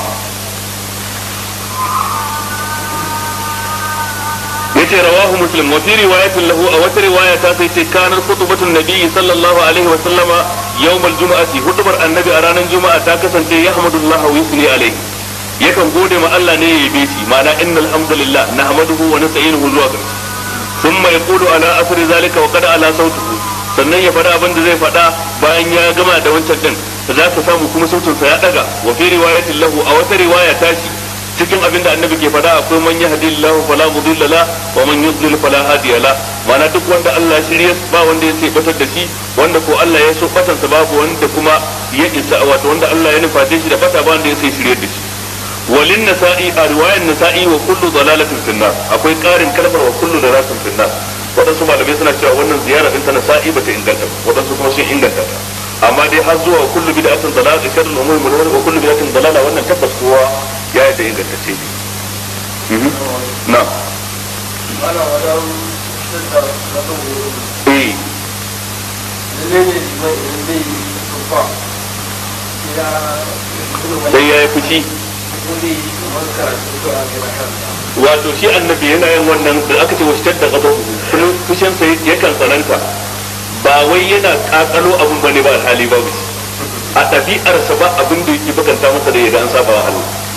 yace rawahu muslim wa fi riwayatin lahu a wata riwaya ta sai ce kanar khutbatun nabiyyi sallallahu alaihi wa sallama yawmal jumu'ati hutubar annabi a ranar juma'a ta kasance yahmadullahu wa yusni alaihi yakan gode ma Allah ne ya yabe shi ma'ana innal hamdalillah nahmaduhu wa nasta'inuhu zuwa ga thumma yaqulu ala asri zalika wa qad ala sautuhu sannan ya faɗa abin da zai faɗa bayan ya gama da wancan din za ka samu kuma sautin sa ya daga wa fi riwayatin lahu a wata riwaya tashi cikin abin da annabi ke faɗa akwai man yahdillahu fala mudilla la wa man yudlil fala hadiya la mana duk wanda Allah ya shirya ba wanda ya sai batar da shi wanda ko Allah ya so batar sa babu wanda kuma ya isa wato wanda Allah ya nufa shi da bata ba wanda ya sai shirya da shi walin nasa'i a riwayan nasa'i wa kullu dalalatin finnar akwai karin kalmar wa kullu dalalatin finnar waɗansu malamai suna cewa wannan ziyara din ta nasa'i bata inganta waɗansu kuma sun inganta ta amma dai har zuwa kullu bid'atin dalalatin kadal umur wa kullu bid'atin dalala wannan tabbas kowa ya yi da ingantacce ne mhm. na sai eh. ya yi fushi wato shi annabi yana yin wannan da aka ce wasu da gaba fushinsa yakan tsananta ba wai yana kakalo abin bane ba hali babu shi a ɗabi'arsa ba abin da yake bakanta masa da ya ga an saba wa Allah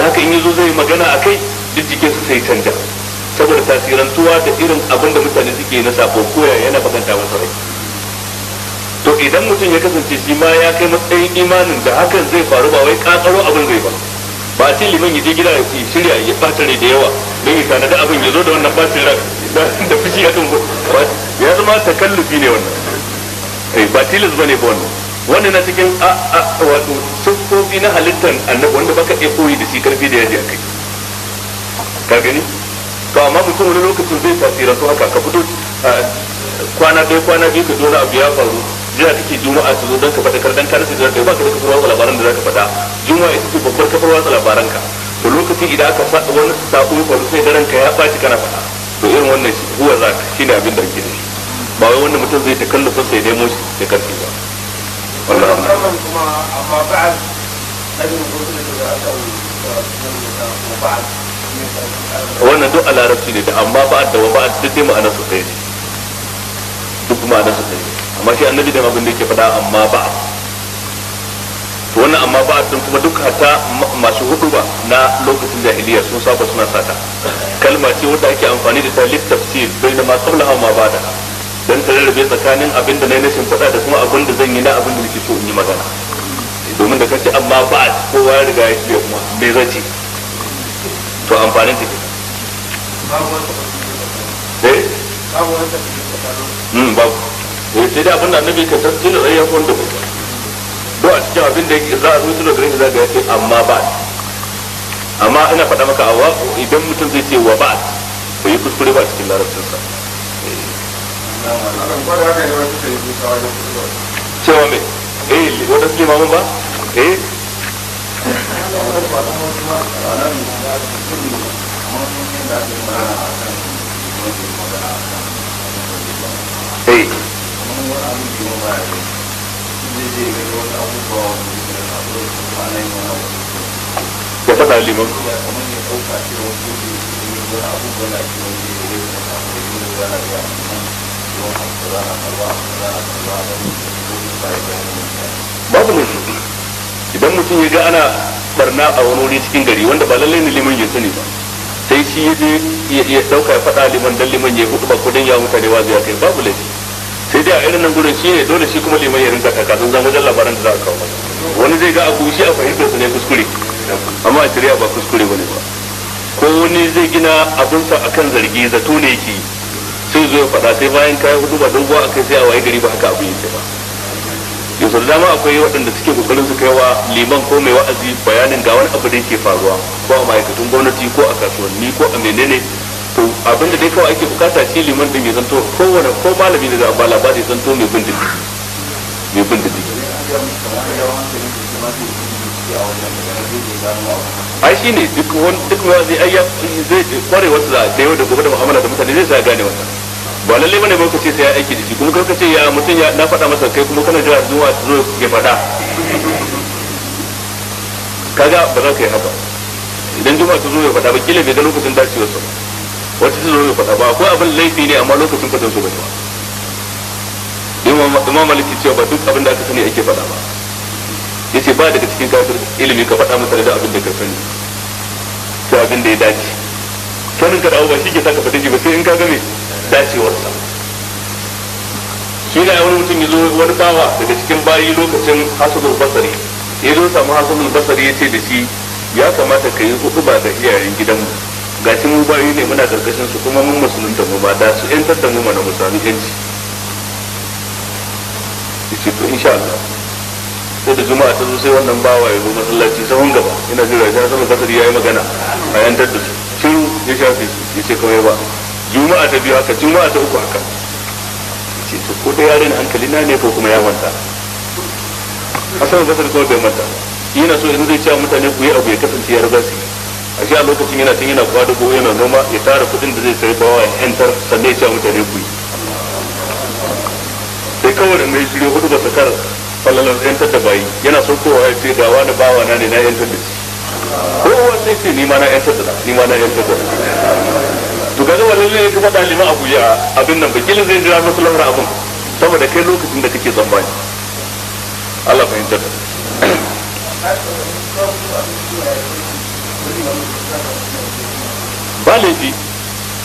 da haka in zo zai magana a kai duk jikin su sai canja saboda tasirantuwa da irin abin da mutane suke na sako koya yana bakanta masa rai to idan mutum ya kasance shi ma ya kai matsayin imanin da hakan zai faru ba wai kakaro abin zai ba ba a liman ya je gida ya shirya ya bata da yawa don ya tanada abin ya zo da wannan bacin ran da fushi ya ba ya zama takallufi ne wannan eh, ba ba ne ba wannan wannan na cikin wato sufofi na halittar annabi wanda baka iya koyi da shi karfi da yaji a kai ka gani to amma mutum wani lokacin zai tasira to haka ka fito kwana ɗaya kwana biyu ka zuwa abu ya faru jiya take juma'a su zo don ka faɗakar dan kana jira kai baka da kafar watsa labaran da ka faɗa juma'a ita ce babbar kafar watsa labaran ka to lokacin idan aka faɗa wani sako ya faru sai daren ka ya ɓaci kana faɗa to irin wannan huwa zaka shine abin da ake da shi ba wai wanda mutum zai ta kallafa sai dai moshi da karfi ba والله أعلم ثم أما بعد أجل wannan duk a larabci ne da amma ba da wa ba duk dai ma'anar su ɗaya ne duk ma'anar su ɗaya amma shi annabi da abin da yake faɗa amma ba to wannan amma ba din kuma duk hatta masu hudu ba na lokacin jahiliya sun saba suna sata kalma ce wadda ake amfani da ta littafsir bai da ma qablaha ma ba da don tare da tsakanin abin da na yi nashin faɗa da kuma abin da zan yi na abin da nake so in yi magana domin da kace amma ba a ci kowa ya riga ya shirya kuma me ci to amfanin take eh babu hmm, babu eh sai da abin da annabi ka tafsir da ya kun da ba do a cikin abin da za a rubuta da gare za ga yace amma ba amma ina faɗa maka awa idan mutum zai ce wa ba bai yi kuskure ba cikin larabcinsa cewa me eh wadda suke mamun ba eh ya faɗa liman ya babu laifi idan mutum ya ga ana barna a wani wuri cikin gari wanda ba lallai ne liman ya sani ba sai shi ya je ya dauka ya faɗa liman dan liman ya hudu ba kudin ya mutane wa zai kai babu laifi sai dai a irin nan gurin shi ne dole shi kuma liman ya rinka kaka sun zama wajen labaran da za a kawo wani zai ga abu shi a fahimtar su ne kuskure amma a shirya ba kuskure bane ba ko wani zai gina abinsa akan zargi zato ne yake yi sai zo ya faɗa sai bayan kayan hudu ba dogo a kai sai a waye gari ba haka abu yake ba yanzu da dama akwai waɗanda suke kokarin su kai wa liman ko mai wa'azi bayanin ga wani abu da yake faruwa ko a ma'aikatan gwamnati ko a kasuwanni ko a menene to abinda dai kawai ake bukata shi liman din ya zanto kowane ko malami da za a ba labari zanto mai bin diddigi mai bin diddigi ai shine ne duk wani duk zai ai ya zai kware wasu da yau da gobe da mu'amala da mutane zai sa gane wannan ba lalle bane ba ka ce sai ya aiki da shi kuma kar ka ce ya mutum ya na faɗa masa kai kuma kana jira zuwa zo ya faɗa kaga ba za ka yi haka idan juma'a ta zo ya faɗa ba kila bai ga lokacin dacewarsa wata ta zo ya faɗa ba akwai abin laifi ne amma lokacin ka zo ba ta imam maliki cewa ba duk abin da aka sani ake faɗa ba yace ba daga cikin kafir ilimi ka faɗa masa da abin da ka sani sai abin da ya dace sanin ka da ba shi ke saka fataji ba sai in ka gane dacewarsa shi da wani mutum ya zo wani bawa daga cikin bayi lokacin hasudul basari ya zo samu hasudul basari ya ce da shi ya kamata ka yi ba ga iyayen gidanmu ga shi mu bayi ne muna karkashin su kuma mun musulunta mu ba da su yan tattalin mu mana mu sami yanci ya ce to insha Allah sai da juma'a ta zo sai wannan bawa ya zo masallaci sahun gaba ina jira shi hasudul basari ya yi magana a yantar da su shiru ya shafe su ya ce kawai ba juma'a ta biyu haka juma'a ta uku haka ce to ko da yaren hankali na ne ko kuma ya manta asalin basar ko bai manta yana so yanzu zai ce mutane ku yi abu ya kasance yar gasi a shi a lokacin yana tun yana kwada ko yana noma ya tara kudin da zai sai bawa ya yantar sannan ya ce mutane ku yi sai kawai da mai shirya hudu ba kar falalar yantar da bayi yana so kowa ya ce ga wani bawa na ne na yantar da shi ko sai ce ni ma na yantar da ni ma na yantar da to kaga wannan ne ka faɗa liman abu ya abin nan ba kilin zai jira masu lamarin abin saboda kai lokacin da kake zambani Allah fahimta da ba laifi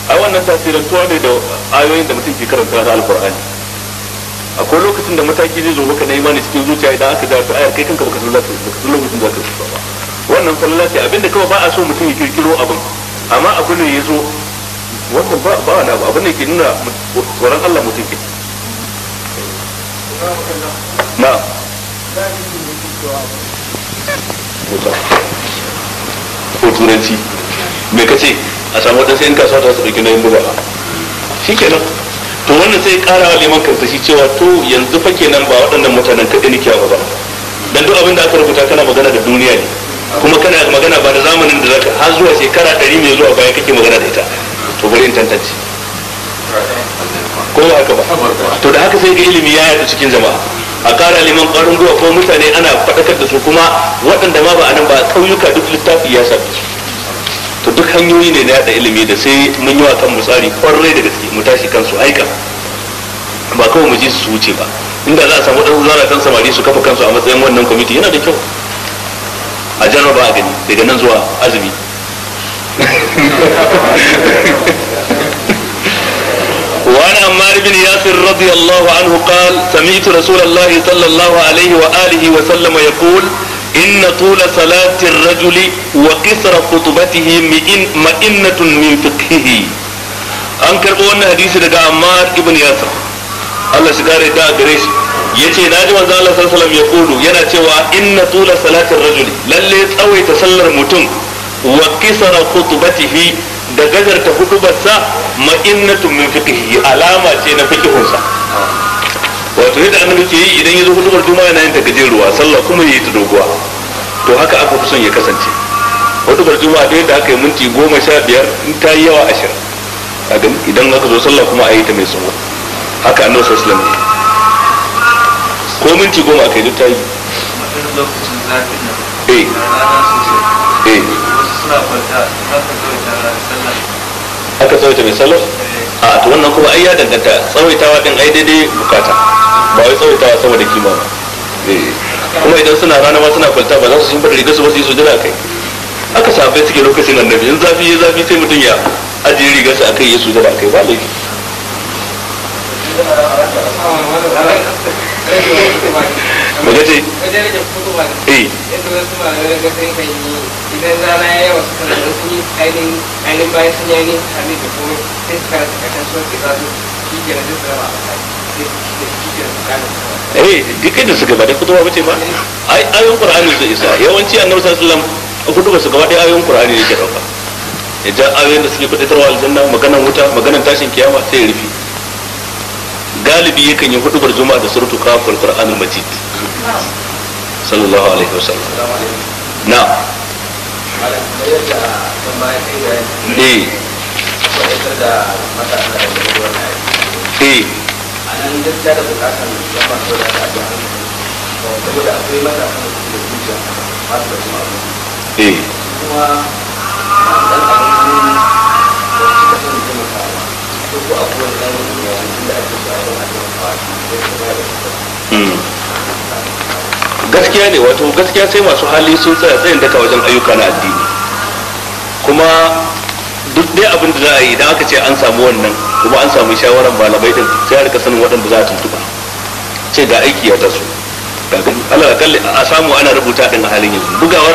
a wannan tasirantuwa ne da ayoyin da mutum ke karanta na alkur'ani akwai lokacin da mataki zai zo maka na imani cikin zuciya idan aka ja ta ayar kai kanka baka san zaka baka san lokacin zaka ba wannan falala abinda kawai ba a so mutum ya kirkiro abin amma abu ne ya zo wannan ba ba na abin da ke nuna tsoron Allah mutum ke na ko turanci me ka ce a samu sai in kasuwa ta su ɗauki nauyin buga shi kenan to wannan sai ƙara wa liman kansa shi cewa to yanzu fa kenan ba waɗannan mutanen kaɗai nake kiyawa ba dan duk abin da aka rubuta kana magana da duniya ne kuma kana magana ba da zamanin da zaka har zuwa shekara ɗari mai zuwa baya kake magana da ita to tantance ko haka ba to da haka sai ga ilimi ya yaɗu cikin jama'a a kara liman ƙwarin ruwa ko mutane ana faɗakar da su kuma waɗanda ma ba a nan ba ƙauyuka duk littafi ya sa to duk hanyoyi ne na yaɗa ilimi da sai mun yi wa kan misali ƙwarai da gaske mu tashi kansu aika ba kawai mu ji su wuce ba inda za a samu ɗan zaratan samari su kafa kansu a matsayin wannan kwamiti yana da kyau a jarraba a gani daga nan zuwa azumi وعن عمار بن ياسر رضي الله عنه قال سمعت رسول الله صلى الله عليه وآله وسلم يقول إن طول صلاة الرجل وقصر خطبته مئنة من فقهه an karɓo wannan hadisi daga Ammar ibn Yasir Allah shi kare da gare shi yace naji manzo Allah sallallahu alaihi wasallam ya kudu yana cewa inna tula salatin rajuli lalle tsawaita sallar mutum wa kisara khutbatihi da gajarta hudubarsa ma'innatun min fiqhi alama ce na fiqhunsa wato yadda annabi ke yi idan yazo hudubar juma'a yana yin ta ruwa sallah kuma yayi ta doguwa to haka aka fi son ya kasance hudubar juma'a da yadda aka yi minti goma sha biyar in ta yi yawa ashirin idan aka zo sallah kuma a yi ta mai tsawo haka annabi sallallahu alaihi wasallam ko minti goma aka yi ta yi eh eh aka tsawaita mai salo? Eh. a to wannan kuma ai ya danganta tsawaitawa din ai daidai bukata ba wai tsawaitawa sama da kima ba eh. kuma idan suna rana ma suna kwalta ba za su shimfa riga su ba su yi sujada a kai aka safai suke lokacin annabi in zafi ya zafi sai mutum ya ajiye riga su a kai ya sujada a kai ba laifi waje eh, eh, ce eh idan rana ya yawa suka da sun yi ainihin a eh ba ayoyin qur'ani zai isa yawanci annabi sallallahu alaihi wasallam kutuba su gaba da ayoyin qur'ani ya ayoyin da suke tarwa aljanna maganan wuta maganan tashin kiyama sai ya galibi yakan yi hudubar juma'a da suratu kafin qur'an al-majid sallallahu alaihi wasallam na eh eh anan eh Hmm. gaskiya ne wato gaskiya sai masu hali sun tsaya tsayin daka wajen ayyuka na addini kuma duk dai abin da za a yi idan aka ce an samu wannan kuma an samu shawarar malamai din sai a rika sanin waɗanda za a tuntuba ce ga aiki ya taso Allah kalli a samu ana rubuta din halin yanzu bugawar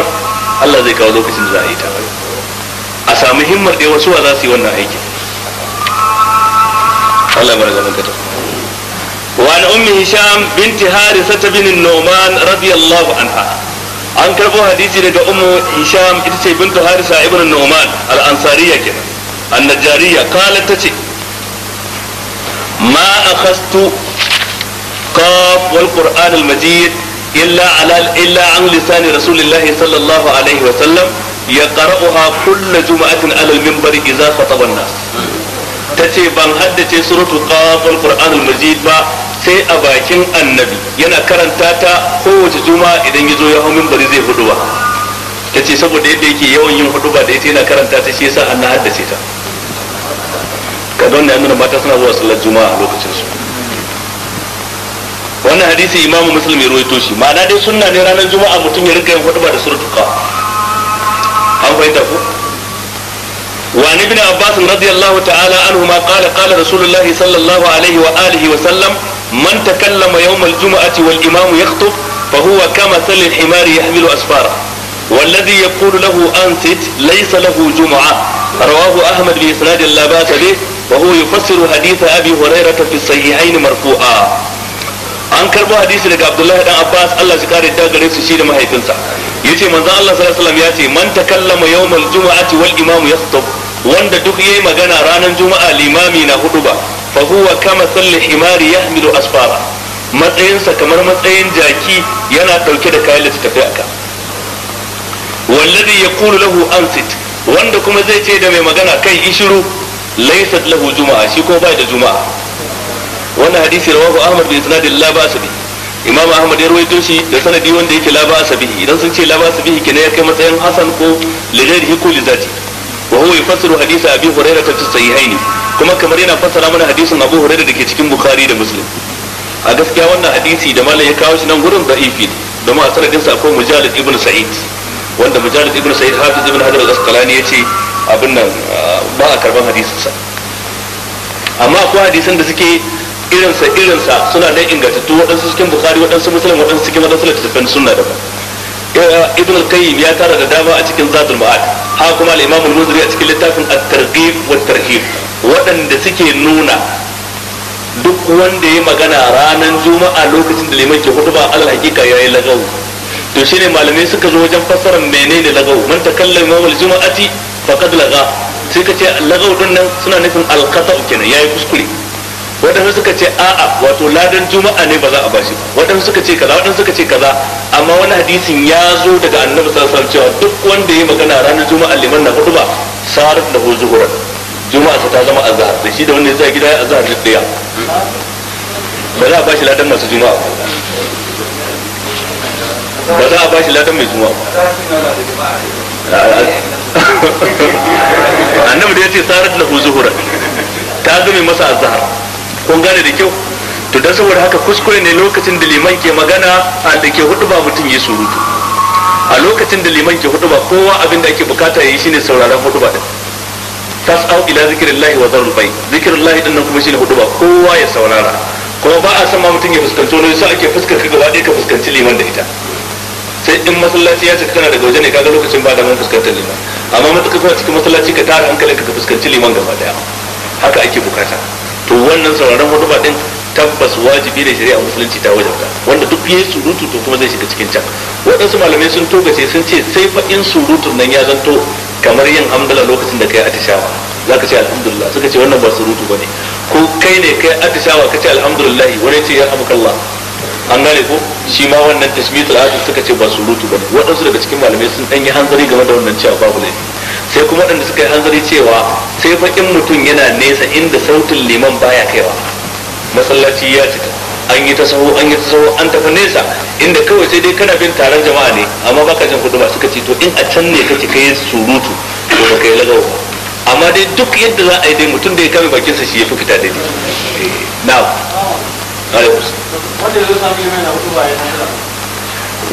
Allah zai kawo lokacin da za a yi ta a samu himmar ɗaya wasu wa za su yi wannan aikin Allah bar gaban ka وعن أم هشام بنت هارثة بن النعمان رضي الله عنها an karbo hadisi daga ummu hisham ita ce bintu harisa ibn Noman al-ansariya kenan kala ta ce ma akhastu qaf wal qur'an al-majid illa ala illa an lisan rasulillah sallallahu alaihi wa sallam yaqra'uha kull jum'atin ala al-minbar idza khataba an-nas ta ce ban haddace suratu qafal al majid ba sai a bakin annabi yana karanta ta kowace juma'a idan ya zo ya hau minbari zai hudu ba ta ce saboda yadda yake yawan yin hudu ba da ita yana karanta ta shi yasa an haddace ta ka don da nuna mata suna zuwa sallar juma'a a lokacin su wannan hadisi imamu muslim ya ruwaito shi ma'ana dai sunna ne ranar juma'a mutum ya rinka yin hudu ba da suratu qaf an fahimta ko وعن ابن عباس رضي الله تعالى عنهما قال قال رسول الله صلى الله عليه وآله وسلم من تكلم يوم الجمعة والإمام يخطب فهو كمثل الحمار يحمل أسفارا والذي يقول له أنصت ليس له جمعة رواه أحمد بإسناد لا بأس به وهو يفسر حديث أبي هريرة في الصحيحين مرفوعا an karbo hadisi daga abdullahi dan abbas allah shi kare ta gare su shi da mahaifinsa yace manzon allah sallallahu alaihi wasallam ya ce man takallama yawmal jumu'ati wal imamu yakhutub wanda duk ya yi magana ranar juma'a limami na hudu ba fa huwa kama salli himari hamilu asfara matsayinsa kamar matsayin jaki yana ɗauke da kayan da tafi aka ya yaqulu lahu ansit wanda kuma zai ce da mai magana kai ishiru laysat lahu juma'a shi ko bai da juma'a wannan hadisi rawahu ahmad bin Sanadin la imam ahmad ya rawaito shi da sanadi wanda yake la ba'sa idan sun ce la ba'sa ya kai matsayin hasan ko da ko lizati wa huwa yufassiru hadisi abi hurairah fi sahihaini kuma kamar yana fassara mana hadisin abu hurairah dake cikin bukhari da muslim a gaskiya wannan hadisi da malam ya kawo shi nan gurin da'ifi domin a sanadin sa akwai mujalid ibn sa'id wanda mujalid ibn sa'id hafiz ibn hadar al-asqalani yace abin nan ba a karban hadisin sa amma akwai hadisan da suke irinsa irinsa suna da ingantattu waɗansu cikin bukhari waɗansu muslim waɗansu cikin waɗansu littattafan sunna daban Eh, ibn al-qayyim ya tara da dama a cikin zatul ma'ad ha kuma al-imam al-muzri a cikin littafin at-targhib wa tarhib waɗanda suke nuna duk wanda ya magana ranar juma'a lokacin da liman ke hutuba al hakika yayi lagau to shine malamai suka zo wajen fassarar menene lagau man takallama wal juma'ati faqad laga sai ka ce lagawu din nan suna nufin al-qata'u kenan yayi kuskure waɗansu suka ce a'a wato ladan juma'a ne ba za a bashi waɗansu suka ce kaza waɗansu suka ce kaza amma wani hadisin ya zo daga annabi sallallahu alaihi wasallam duk wanda ya magana ranar juma'a liman na hudu ba sarif da hu zuhura juma'a sai ta zama azhar da shi da wanda zai gida azhar duk daya ba za a bashi ladan masu juma'a ba za a bashi ladan mai juma'a annabi da ya ce sarif da hu zuhura ta zama masa azhar kun gane da kyau to dan saboda haka kuskure ne lokacin da liman ke magana a da ke hudu ba mutum ya surutu a lokacin da liman ke hudu ba kowa abin da ake bukata yi shine sauraron hudu ba din tas'au ila zikrillahi wa dharul bay zikrillahi din nan kuma shine hudu ba kowa ya saurara kuma ba a san ma mutum ya fuskanci wani sai ake fuskar ka gaba ɗaya ka fuskanci liman da ita sai in masallaci ya cika kana daga waje ne kaga lokacin ba da mun fuskantar liman amma mutum kuma cikin masallaci ka tara hankalinka ka fuskanci liman gaba ɗaya haka ake bukata to wannan sauraron huduba din tabbas wajibi da shari'a musulunci ta wajabta wanda duk yayi surutu to kuma zai shiga cikin can waɗansu malamai sun togace sun ce sai fa in surutun nan ya zanto kamar yin amdala lokacin da kai atishawa za ka ce alhamdulillah suka ce wannan ba surutu ba ne ko kai ne kai atishawa ka ce alhamdulillah wani ce ya amukallah an gane ko shi ma wannan tashmitul hadis suka ce ba surutu ba ne waɗansu daga cikin malamai sun ɗan yi hanzari game da wannan cewa babu laifi sai kuma waɗanda suka yi hanzari cewa sai fa mutum yana nesa inda sautin liman baya kaiwa masallaci ya cika an yi ta sahu an yi ta sahu an tafi nesa inda kawai sai dai kana bin taron jama'a ne amma baka jin hudu suka ce to in a can ne kake kai surutu to baka yi lagawa ba amma dai duk yadda za a yi dai mutum da ya kame bakin sa shi ya fi fita ni eh, na'am alaikum na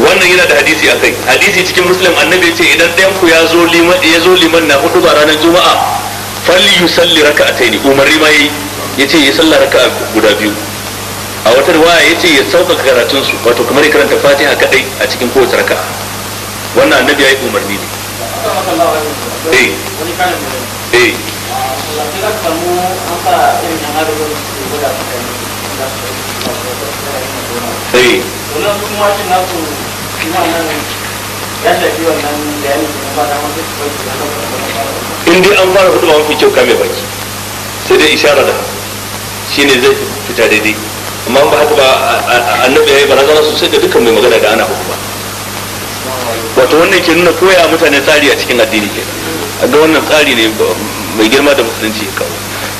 wannan yana da hadisi a kai hadisi cikin muslim annabi ce idan ɗayan ku ya zo liman ya zo liman na hudu ba ranar juma'a falli yusalli raka'ataini umar ma ya yace ya sallar raka'a guda biyu a wata riwaya yace ya sauƙaƙa karatun su wato kamar ya karanta fatiha kadai a cikin kowace raka'a wannan annabi ya yi umarni ne eh eh sai in dai an fara hudu mafi kyau kame baki sai dai ishara da ne zai fita daidai amma ba haka ba annabi ya yi barazana sosai da dukkan mai magana da ana ba wato wannan ke nuna koya mutane tsari a cikin addini ke ga wannan tsari ne mai girma da musulunci ya kawo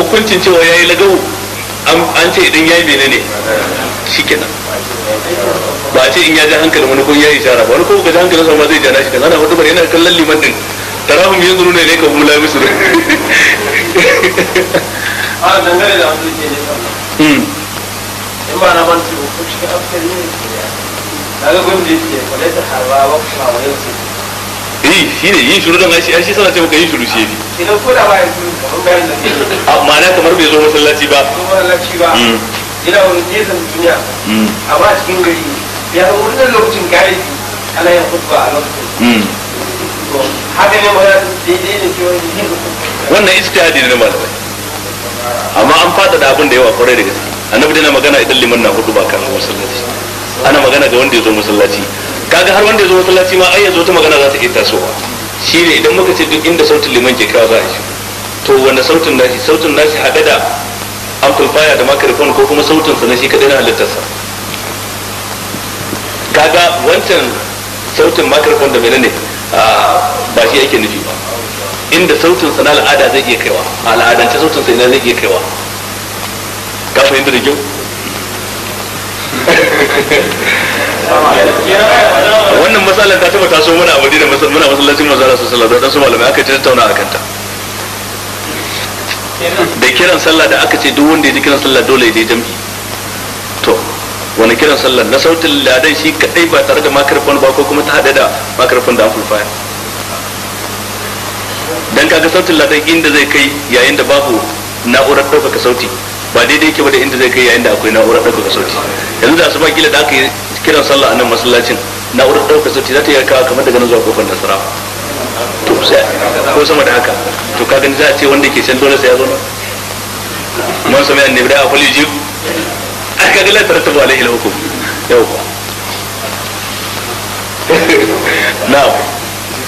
hukuncin cewa ya yi lagau an ce idan ya yi menene shi kenan ba ce in ya ji hankalin wani ko ya yi shara ba wani ko ka ji hankalin sa ma zai jana shi kan ana hudu yana kallon liman din tarahum yanzu ne ne ka bula musu ne a ah, dangane da wasu ke ne hmm. in ba na ban mantu ko shi ka afkari ne ke ya daga gundi ke kwalata harba wakfa wa yau sai yi shine yin shiru dan shi shi sana ce maka yin shuru shi yafi idan ko da ba ya shiru kamar bayan da a ah, ma'ana kamar bai zo masallaci ba zo masallaci ba mm. yana wani gefen duniya mm. amma a cikin gari ya san wurin lokacin gari ana yin khutba a lokacin mm. haka ne ma magana daidai ne ke cewa yin wannan istihadi ne malamai amma an faɗaɗa abin da yawa kwarai da gaske annabi dai na magana idan liman na hudu ba kafin masallaci ana magana ga wanda ya zo masallaci kaga har wanda ya zo masallaci ma ai yanzu ta magana za ta iya tasowa shine idan muka ce duk inda sautin liman ke kawo za a shi to wanda sautin nashi sautin nashi haɗe da amplifier da microphone ko kuma sautin sa na shi kaɗai na halittarsa kaga wancan sautin microphone da ne ba shi ake nufi ba inda sautin sa na al'ada zai iya kaiwa al'adance sautin sa ina zai iya kaiwa ka fahimta da kyau wannan matsalar ta taba taso mana a madina muna masallacin manzara su sallar da su malamai aka ce tattauna a kanta da kiran sallah da aka ce duk wanda ya ji kiran sallah dole ya je jam'i to wani kiran sallah na sautin ladan shi kadai ba tare da makarfon ba ko kuma ta hada da makarfon da amplifier dan kaga sautin ladan inda zai kai yayin da babu na'urar ɗaukaka sauti ba daidai yake ba da inda zai kai yayin da akwai na'urar ɗaukar sauti yanzu da asuba gila da aka yi kiran sallah a nan masallacin na'urar ɗaukar sauti za ta iya kawo kamar daga nan zuwa kofar nasara to sai ko sama da haka to ka gani za a ce wanda ke can dole sai ya zo nan man sami annabi da afali ji aka ga la tarattabu alaihi al-hukum yau na'am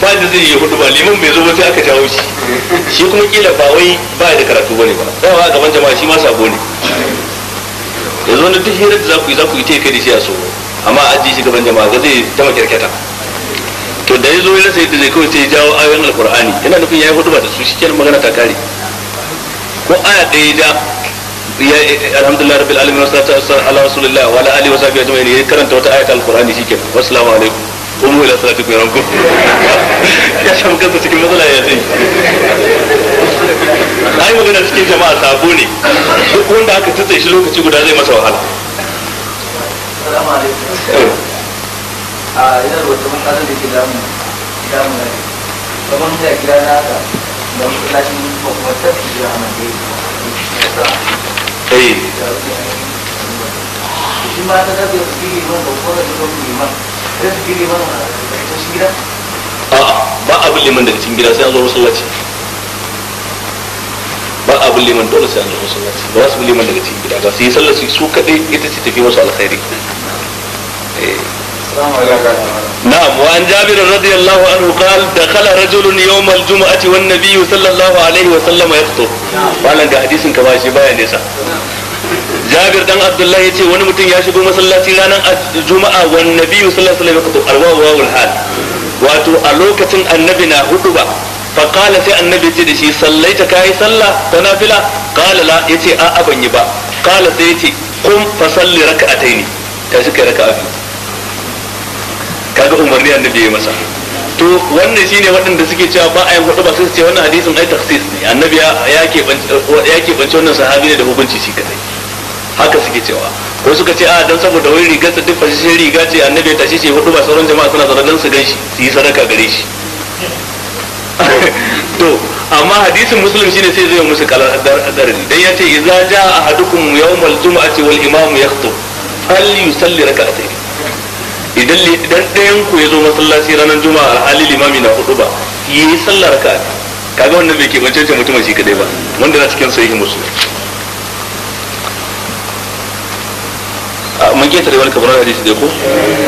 ba da zai yi hudu ba liman bai zo ba sai aka jawo shi shi kuma kila ba wai ba da karatu bane ba ba ba gaban jama'a shi ma sabo ne yanzu wanda duk hirar da za ku yi za ku yi ta kai da shi a so amma a ji shi gaban jama'a ga zai ta makirketa to da ya zo ya rasa yadda zai kawai sai jawo ayoyin alkur'ani yana nufin ya yi hudu ba da su shi kenan magana ta kare ko aya ɗaya da ya alhamdulillah rabbil alamin wa salatu ala rasulillah wa ala alihi wa sahbihi ajma'in ya karanta wata ayatul alqur'ani shikenan wassalamu alaikum kuma ila salati ku yanku ya shafi kansa cikin matsala ya zai ai magana cikin jama'a sabo ne duk wanda aka tutse shi lokaci guda zai masa wahala a yana ah, da wata matsalar da ke damu damu na kamar da gida na haka da masallacin ko kuma tafi da amandai eh shi ma ta man da a'a ba abin daga cikin gida sai an zo masallaci ba abin liman dole sai an zo masallaci ba daga cikin gida ba su su kadai ita ce tafi alkhairi نعم وعن جابر رضي الله عنه قال دخل رجل يوم الجمعة والنبي صلى الله عليه وسلم يخطب قال عند حديث كما شبه نساء jabir dan abdullahi yace wani mutum ya shigo masallaci ranar juma'a wa nabi sallallahu alaihi wasallam alwawu wal hal wato a lokacin annabi na hudu ba fa qala sai annabi ce da shi sallaita kai sallah ta nafila qala la yace a a ban yi ba qala sai yace kum fa salli raka'ataini shi kai raka'a biyu kaga umarni annabi ya masa to wannan shine waɗanda suke cewa ba a yin hudu ba sai su ce wannan hadisin ai taksis ne annabi ya ke ya ke wannan sahabi ne da hukunci shi kadai haka suke cewa ko suka ce a dan saboda wai rigar ta duk shi riga ce annabi ya tashi shi hudu ba sauran jama'a suna zaune dan su gan shi su yi sadaka gare shi to amma hadisin muslim shine sai zai musu kaladari dan yace idza jaa ahadukum yawmal jum'ati wal imamu yakhutub falyusalli rak'atayn idan idan dayan ku yazo masallaci ranar juma'a alhali limami na hudu ba yi sallar ka kaga wannan bai ke bance mutum shi kadai ba wanda na cikin sahihi muslim ketare wani kamar hadisi dai ko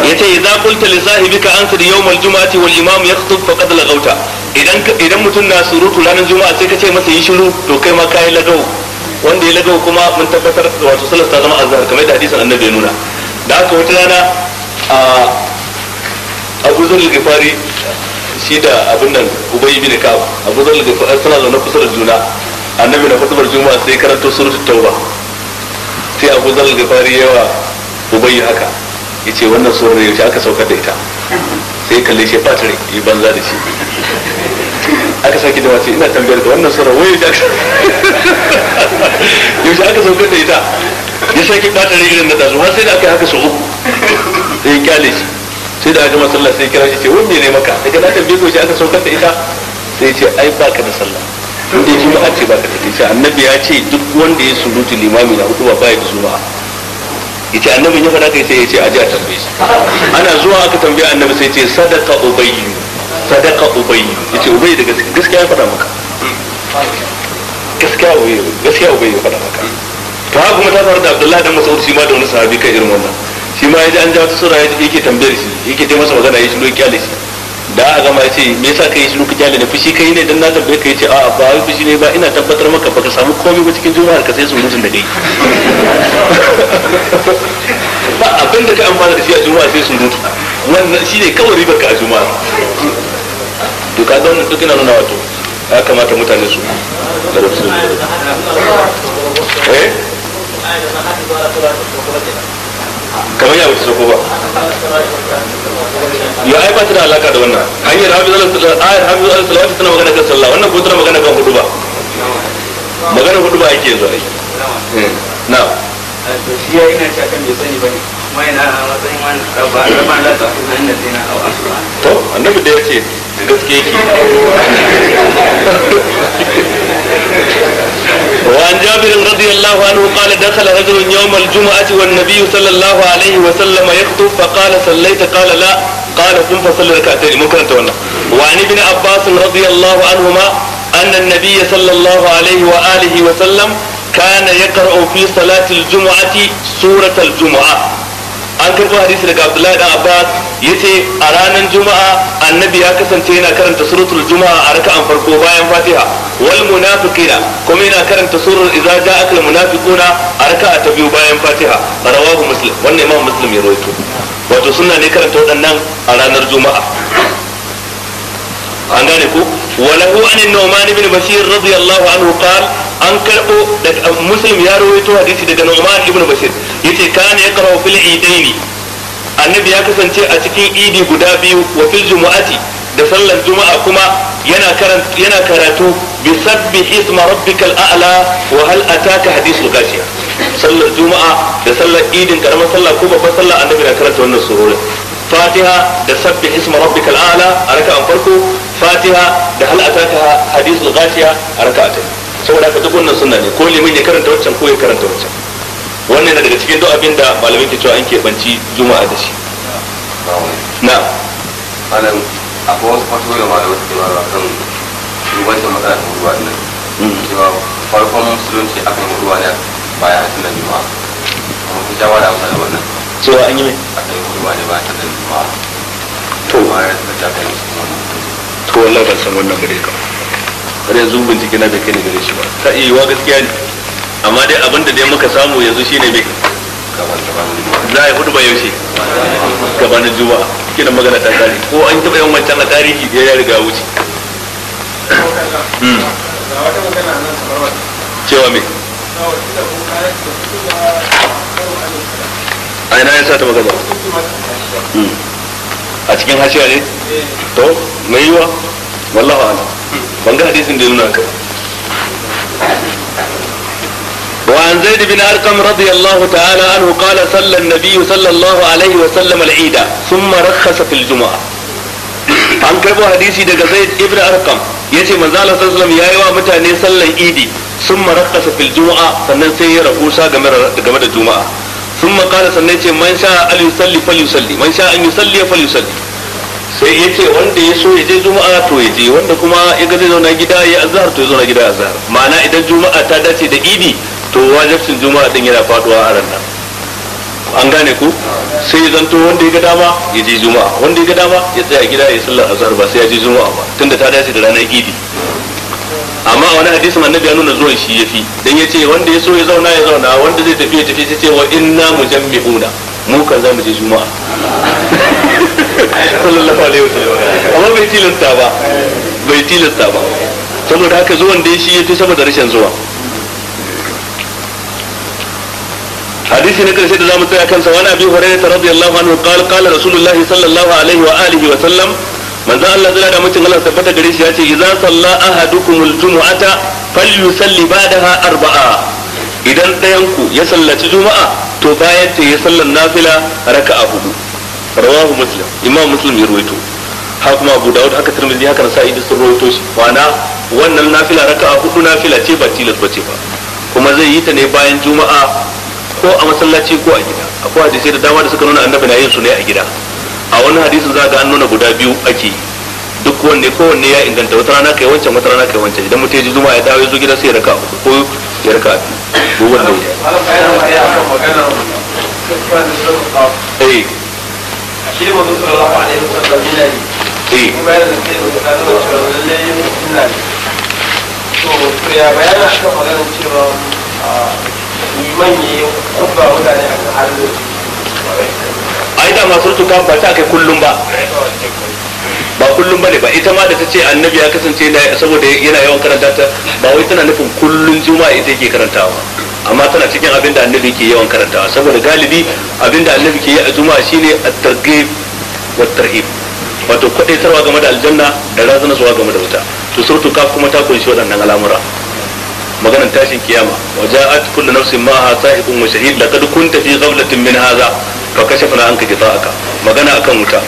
yace idza qulta li sahibika ansir yawm al-jum'ati wal imam yakhutub faqad lagawta idan idan mutum na surutu ranar juma'a sai ka ce masa yi shiru to kai ma kai lagau wanda ya lagau kuma mun tabbatar wato sallar ta zama azhar kamar da hadisin annabi ya nuna da haka wata rana a Abu Zul al-Ghifari shi da abin nan Ubay bin Ka'ab Abu Zul ghifari suna zaune kusa da juna annabi na hutubar juma'a sai karanto suratul tauba sai Abu Zul ghifari yawa ubayi haka ya ce wannan surar ya yaushe aka saukar da ita sai kalle shi ba tare yi banza da shi aka saki da wace ina tambayar da wannan surar wai ya yaushe aka saukar da ita ya saki ba tare irin da tasu har sai da aka haka su uku sai kyale shi sai da aka gama sallah sai kira shi ce wani ne maka daga na tambayar ko wace aka saukar da ita sai ce ai baka da sallah ba a ce baka da ita annabi ya ce duk wanda ya surutu limami na hudu ba ya da zuma. yace annabi ya faɗa kai sai yace aje a tambaye shi ana zuwa aka tambaye annabi sai yace sadaka ubayyu sadaka ubayyu yace ubayyu da gaskiya ya faɗa maka gaskiya ubayyu gaskiya ubayyu ya faɗa maka to haka kuma ta faru da Abdullahi dan Mas'ud shi ma da wani sahabi kai irin wannan shi ma yaji an ja ta sura yake tambayar shi yake ta masa magana yayi shi doki alishi da a gama ce me yasa kai shi ka kyale da fushi kai ne dan na tambaye kai ce a'a ba wai fushi ne ba ina tabbatar maka baka samu komai ba cikin juma'ar ka sai su mutun da kai ba abin da ka amfana da shi a juma'a sai su mutu wannan shine kawai ribar ka a juma'a to ka don duk ina nuna wato ya kamata mutane su larabci eh kamar ya wuce ko ba ya ai ba ta da alaka da wannan hanyar hafiz al-salawat ayar hafiz al-salawat tana magana kan sallah wannan ko tana magana kan ba magana ba ake yanzu ai eh, na eh, shi ya ina bai sani kuma yana matsayin wani rabba rabba ta inda to annabi da yace gaske yake وعن جابر رضي الله عنه قال دخل رجل يوم الجمعة والنبي صلى الله عليه وسلم يخطب فقال صليت قال لا قال قم فصل ركعتين من كنت وانا وعن ابن عباس رضي الله عنهما أن النبي صلى الله عليه وآله وسلم كان يقرأ في صلاة الجمعة سورة الجمعة an karɓo hadisi daga abdullahi dan abbas ya ce a ranar juma'a annabi ya kasance yana karanta suratul juma'a a an farko bayan fatiha wal munafiqina kuma yana karanta surar idza ja'akal munafiquna a raka ta biyu bayan fatiha rawahu muslim wannan imam muslim ya rawaito wato suna ne karanta waɗannan a ranar juma'a an gane ku walahu anin nu'man ibn bashir radiyallahu anhu qala an karbo daga muslim ya rawaito hadisi daga nu'man ibn bashir yace kana yaqra'u fil idaini annabi ya kasance a cikin idi guda biyu wa fil jumu'ati da sallar juma'a kuma yana karatu yana karatu bi sabbi isma rabbikal a'la wa hal ataka hadithul gashiya sallar juma'a da sallar idin karamar sallah ko babbar sallah annabi na karanta wannan surorin fatiha da sabbi isma rabbikal a'la a raka'an farko fatiha da hal ataka hadithul gashiya a raka'atain saboda haka duk wannan sunna ne ko limin ya karanta wancan ko ya karanta wancan wannan daga cikin duk abin da malamai ke cewa an keɓanci juma'a da shi na'am akwai wasu fatoyi da malamai da ba a kan shugabancin matsalar ta din nan hmm. cewa farkon musulunci kan huduwa ne bayan hatin da juma'a kuma kun sha wani amsa da wannan cewa an yi mai akan huduwa ne bayan hatin da juma'a to bayan da ta kai musu to wallahi ban san wannan bare kan har yanzu bincike na bai kai ne gare shi ba ta iya yiwa gaskiya ne amma dai abin da dai muka samu yanzu shine bai za a yi hudu ba yaushe gabanin juma'a kina magana ta tsari ko an taba yin wancan a tarihi da ya riga wuce hmm. cewa me a ina ya sa ta magana hmm. a cikin hashiya ne to mai yiwa wallahu ala ban ga hadisin da nuna ka وعن زيد بن أرقم رضي الله تعالى عنه قال صلى النبي صلى الله عليه وسلم العيد ثم رخص في الجمعة an karbo hadisi daga zaid ابن arkam yace من Allah sallallahu alaihi yayi wa mutane sallan idi summa raqqasa fil jumu'a sannan sai ya rahusa game da juma'a summa من sannan أن man sha al yusalli fal yusalli man sha an wanda ya so ya je juma'a to ya je wanda kuma ya ga zai zauna gida ya azhar to ya zauna gida azhar ma'ana idan juma'a ta dace da idi to wajibcin juma'a din yana faduwa a ran nan an gane ku sai zanto wanda ya ga dama ya ji juma'a wanda ya ga dama ya tsaya gida ya sallar azhar ba sai ya ji juma'a ba tunda ta dace da ranar idi amma wani hadisin annabi ya nuna zuwan shi yafi dan yace wanda ya so ya zauna ya zauna wanda zai tafi ya tafi sai ce wa inna mujammi'una mu kan za mu je juma'a sallallahu alaihi wasallam amma bai tilasta ba bai tilasta ba saboda haka zuwan dai shi yafi saboda rashin zuwa hadisi na karshe da zamu tsaya kansa wani abi hurairah radiyallahu anhu qala qala rasulullah sallallahu alaihi wa alihi wa sallam manzo Allah zai da mutum Allah tabbata gare shi ya yace idza salla ahadukumul jumu'ata falyusalli ba'daha arba'a idan ɗayan ku ya sallaci juma'a to bayan ta ya sallan nafila raka'a hudu rawahu muslim imam muslim ya ruwaito haka kuma abu dawud haka tirmidhi haka nasa'i duk sun ruwaito shi ma'ana wannan nafila raka'a hudu nafila ce ba tilas ce ba kuma zai yi ta ne bayan juma'a ko a masallaci ko a gida akwai hadisi da dama da suka nuna annabi na yin su ne a gida a wani hadisi za ga an nuna guda biyu ake duk wanne ko wanne ya inganta wata rana kai wancan wata rana kai wancan idan mutum ya ji zuma ya dawo ya zo gida sai ya raka ko ya raka ko wanda eh eh liman ya kubba mutane a halin a yi dama surtu ba ta kai kullum ba ba kullum ba ne ba ita ma da ta ce annabi ya kasance saboda yana yawan karanta ta ba wai tana nufin kullum juma ita ke karantawa amma tana cikin abin da annabi ke yawan karantawa saboda galibi abin da annabi ke yi a shi ne a targe wa tarhib wato tarwa game da aljanna da zuwa game da wuta to surtu kuma ta kunshi waɗannan al'amura maganar tashin kiyama wa ja'at kullu nafsin ma'aha sahibun wa shahid laqad kunta fi ghaflatin min hadha fa kashafna anka ghita'aka magana akan wuta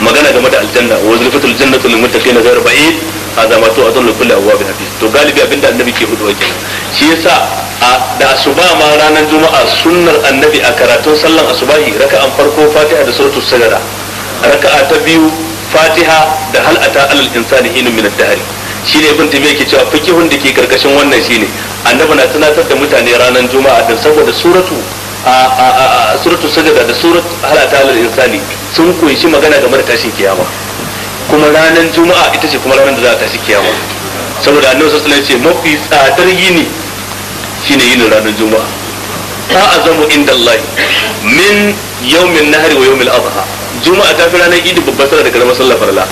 magana game da aljanna wa zulfatul jannatu lil muttaqin ghayr ba'id hadha ma kulli awwabin to galibi abinda annabi ke hudu kenan shi yasa da asuba ma ranar juma'a sunnar annabi a karatun sallan asubahi raka'an farko fatiha da suratul sajada raka'a ta biyu fatiha da hal ata alal insani hinun min ad-dahr shine ibn tabiya ke cewa fikihun da ke karkashin wannan shine annabi na tunatar da mutane ranar juma'a da saboda suratu a suratu sajada da suratu halata alal insani sun kunshi magana game da tashin kiyama kuma ranar juma'a ita ce kuma ranar da za a tashi kiyama saboda annabi sallallahu alaihi wasallam ce mafi tsadar yini shine yinin ranar juma'a ta azamu inda Allah min yawmin nahri wa yawmil adha juma'a ta fi ranar idi babbar sallah da karamar sallah farla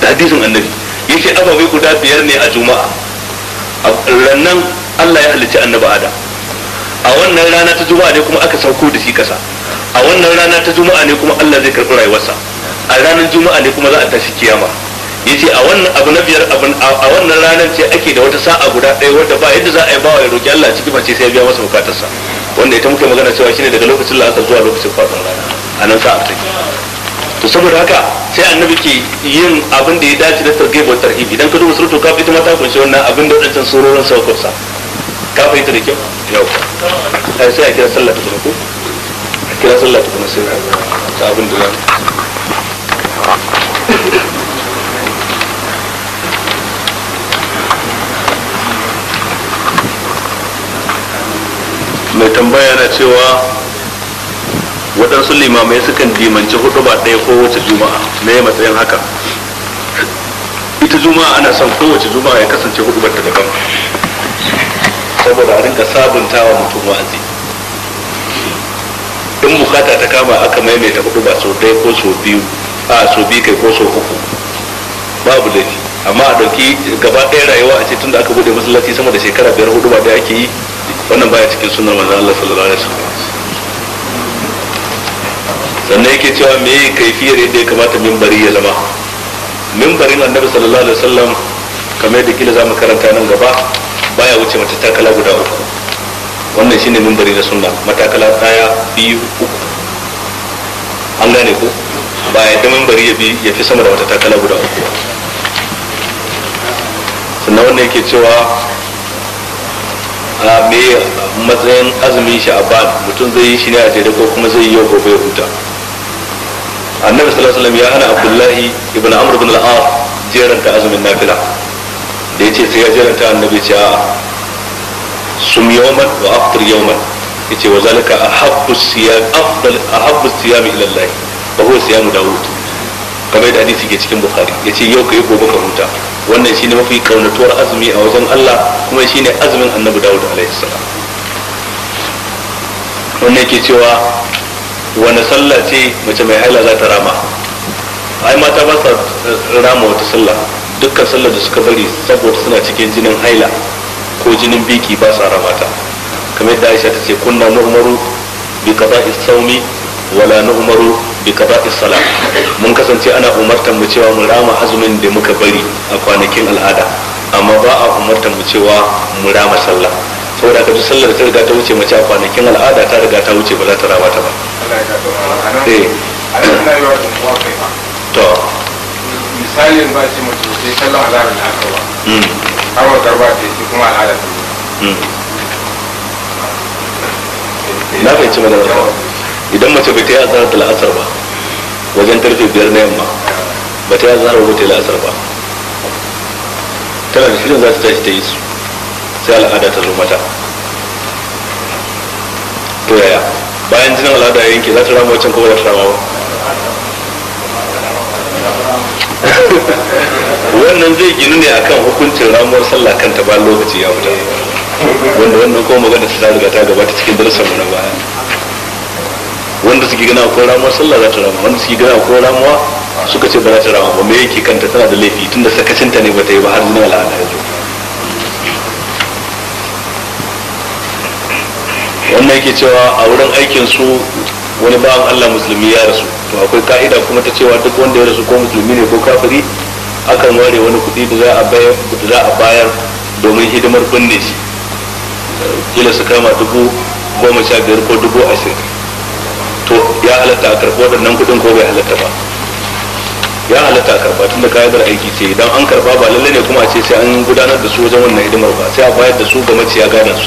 da hadisin annabi yace ababai guda biyar ne a juma'a rannan Allah ya halicci annabi adam a wannan rana ta juma'a ne kuma aka sauko da shi kasa a wannan rana ta juma'a ne kuma Allah zai karɓi rayuwarsa a ranar juma'a ne kuma za a tashi kiyama yace a wannan abu na biyar a wannan ranar ce ake da wata sa'a guda ɗaya wadda ba yadda za a yi ba wa roki Allah ciki face sai ya biya masa bukatarsa wanda ita muke magana cewa shine daga lokacin la'asar zuwa lokacin fadin rana a nan sa'a take to saboda haka sai annabi ke yin abin da ya dace da targhib ba tarhibi idan ka duba surutu ka ita ma ta kunshi wannan abin da wadancan surorin sa kusa ka ta da kyau yau ai sai a kira sallah ta ku a kira sallah ta sai ta abin da zan mai tambaya na cewa waɗansu limamai sukan dimanci hudu ba ɗaya kowace juma'a me matsayin haka ita juma'a ana son kowace juma'a ya kasance hudu ta daban saboda a rinka wa mutum wa'azi in bukata ta kama aka maimaita hudu ba sau ɗaya ko sau biyu a sau biyu kai ko sau uku babu laifi amma a ɗauki gaba ɗaya rayuwa a ce tun da aka bude masallaci sama da shekara biyar hudu ba ɗaya ake yi wannan baya cikin sunan manzon Allah sallallahu alaihi wasallam sannan yake cewa me kaifiyar yadda ya kamata mimbari ya zama mimbarin annabi sallallahu alaihi wasallam kamar da kila zamu karanta nan gaba baya wuce mata takala guda uku wannan shine mimbari na sunna matakala daya biyu uku an gane ko ba yadda mimbari ya bi ya fi sama da wata takala guda uku sannan wannan yake cewa a me matsayin azumin sha'aban mutum zai yi shi ne a jere ko kuma zai yi yau gobe ya huta annabi sallallahu alaihi wasallam ya hana abdullahi ibn amr ibn al-as jeranta azumin nafila da yace sai ya jeranta annabi ce a sum yawman wa aftir yawman yace wa zalika ahabbu siyam afdal ahabbu siyam ila allah fa huwa siyam daud kamar yadda hadisi ke cikin bukhari yace yau kai gobe ka huta wannan shine mafi kaunatuwar azumi a wajen Allah kuma shine azumin annabi daud alaihi salam wannan ke cewa wani sallah ce mace mai haila za ta rama ai mata ba sa rama wata sallah dukkan sallar da suka bari saboda suna cikin jinin haila ko jinin biki ba sa rama ta kamar yadda Aisha ta ce kunna nu'maru bi qada'i sawmi wala nu'maru bi qada'i salat mun kasance ana umartar mu cewa mu rama azumin da muka bari a kwanakin al'ada amma ba a umartar mu cewa mu rama sallah saboda ka duk sallar da ta riga ta wuce mace a kwanakin al'ada ta riga ta wuce ba za ta raba ta ba eh. to misalin ba ce mace ba sai sallar al'adar da aka ba har hmm. wa garba ce kuma al'ada ta hmm. eh, eh. na fahimci mana ba idan mace bai ta yi azhar da la'asar ba wajen karfe biyar na yamma ba ta yi azhar ba ta yi la'asar ba tana da shirin za ta tashi ta yi su sai al'ada ta zo mata to yaya bayan jinin al'ada ya yanke za ta rama wancan ko za ta rama ba wannan zai ginu ne akan hukuncin ramuwar sallah kanta bayan lokaci ya fita wanda wannan kuma magana ta riga ta gabata cikin darasar mu na baya wanda suke gina ko ramuwar sallah za ta rama wanda suke gina ko ramuwa suka ce ba za ta rama ba me yake kanta tana da laifi tunda sakacinta ne ba ta yi ba har jinin al'ada ya zo wannan yake cewa a wurin aikin su wani bawan Allah musulmi ya rasu to akwai ka'ida kuma ta cewa duk wanda ya rasu ko musulmi ne ko kafiri akan ware wani kuɗi da za a bayar da za a bayar domin hidimar binne shi kila su kama dubu goma sha biyar ko dubu ashirin to ya halatta a karɓi waɗannan kuɗin ko bai halatta ba ya halatta a karɓa tunda ka'idar aiki ce idan an karɓa ba lallai ne kuma a ce sai an gudanar da su wajen wannan hidimar ba sai a bayar da su ga maciya gadon su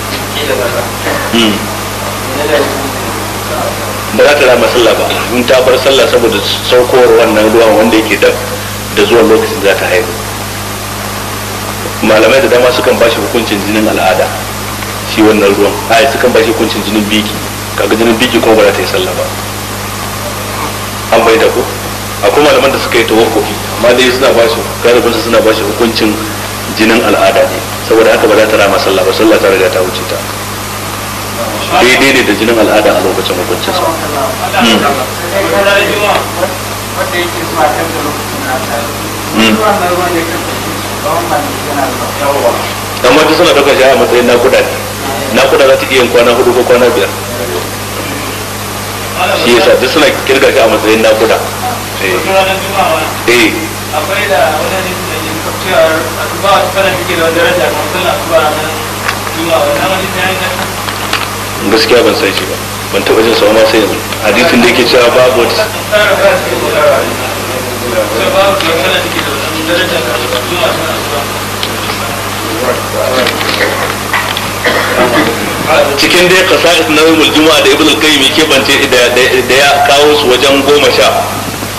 Hmm. ba za ta rama sallah ba in ta bar sallah saboda saukowar wannan ruwa wanda yake da da zuwa lokacin za ta haihu malamai da dama sukan bashi hukuncin jinin al'ada shi wannan ruwan ai sukan bashi hukuncin jinin biki kaga jinin biki kuma ba za ta yi sallah ba an bai da ko akwai malaman da suka yi tawakkufi amma dai suna bashi garibinsa suna bashi hukuncin jinin al'ada ne saboda haka ba za ta rama sallah ba sallah ta riga ta wuce ta daidai ne da jinin al'ada a lokacin hukuncin sa hmm. Hmm. dan wata suna daga shi a matsayin nakuda ne nakuda za ta iya kwana hudu ko kwana biyar shi yasa duk suna kirga shi a matsayin nakuda eh, eh. akwai da wani hadisi da ke kafciyar asuba a tsakanin take da wani daraja kamar sallar asuba a nan juma wannan hadisi ya yi gaskiya ban san shi ba ban taɓa jin sama sai yanzu hadisin da yake cewa babu wata cikin dai kasa'is na yawon juma'a da ibn al-qayyim ke bance da ya kawo su wajen goma sha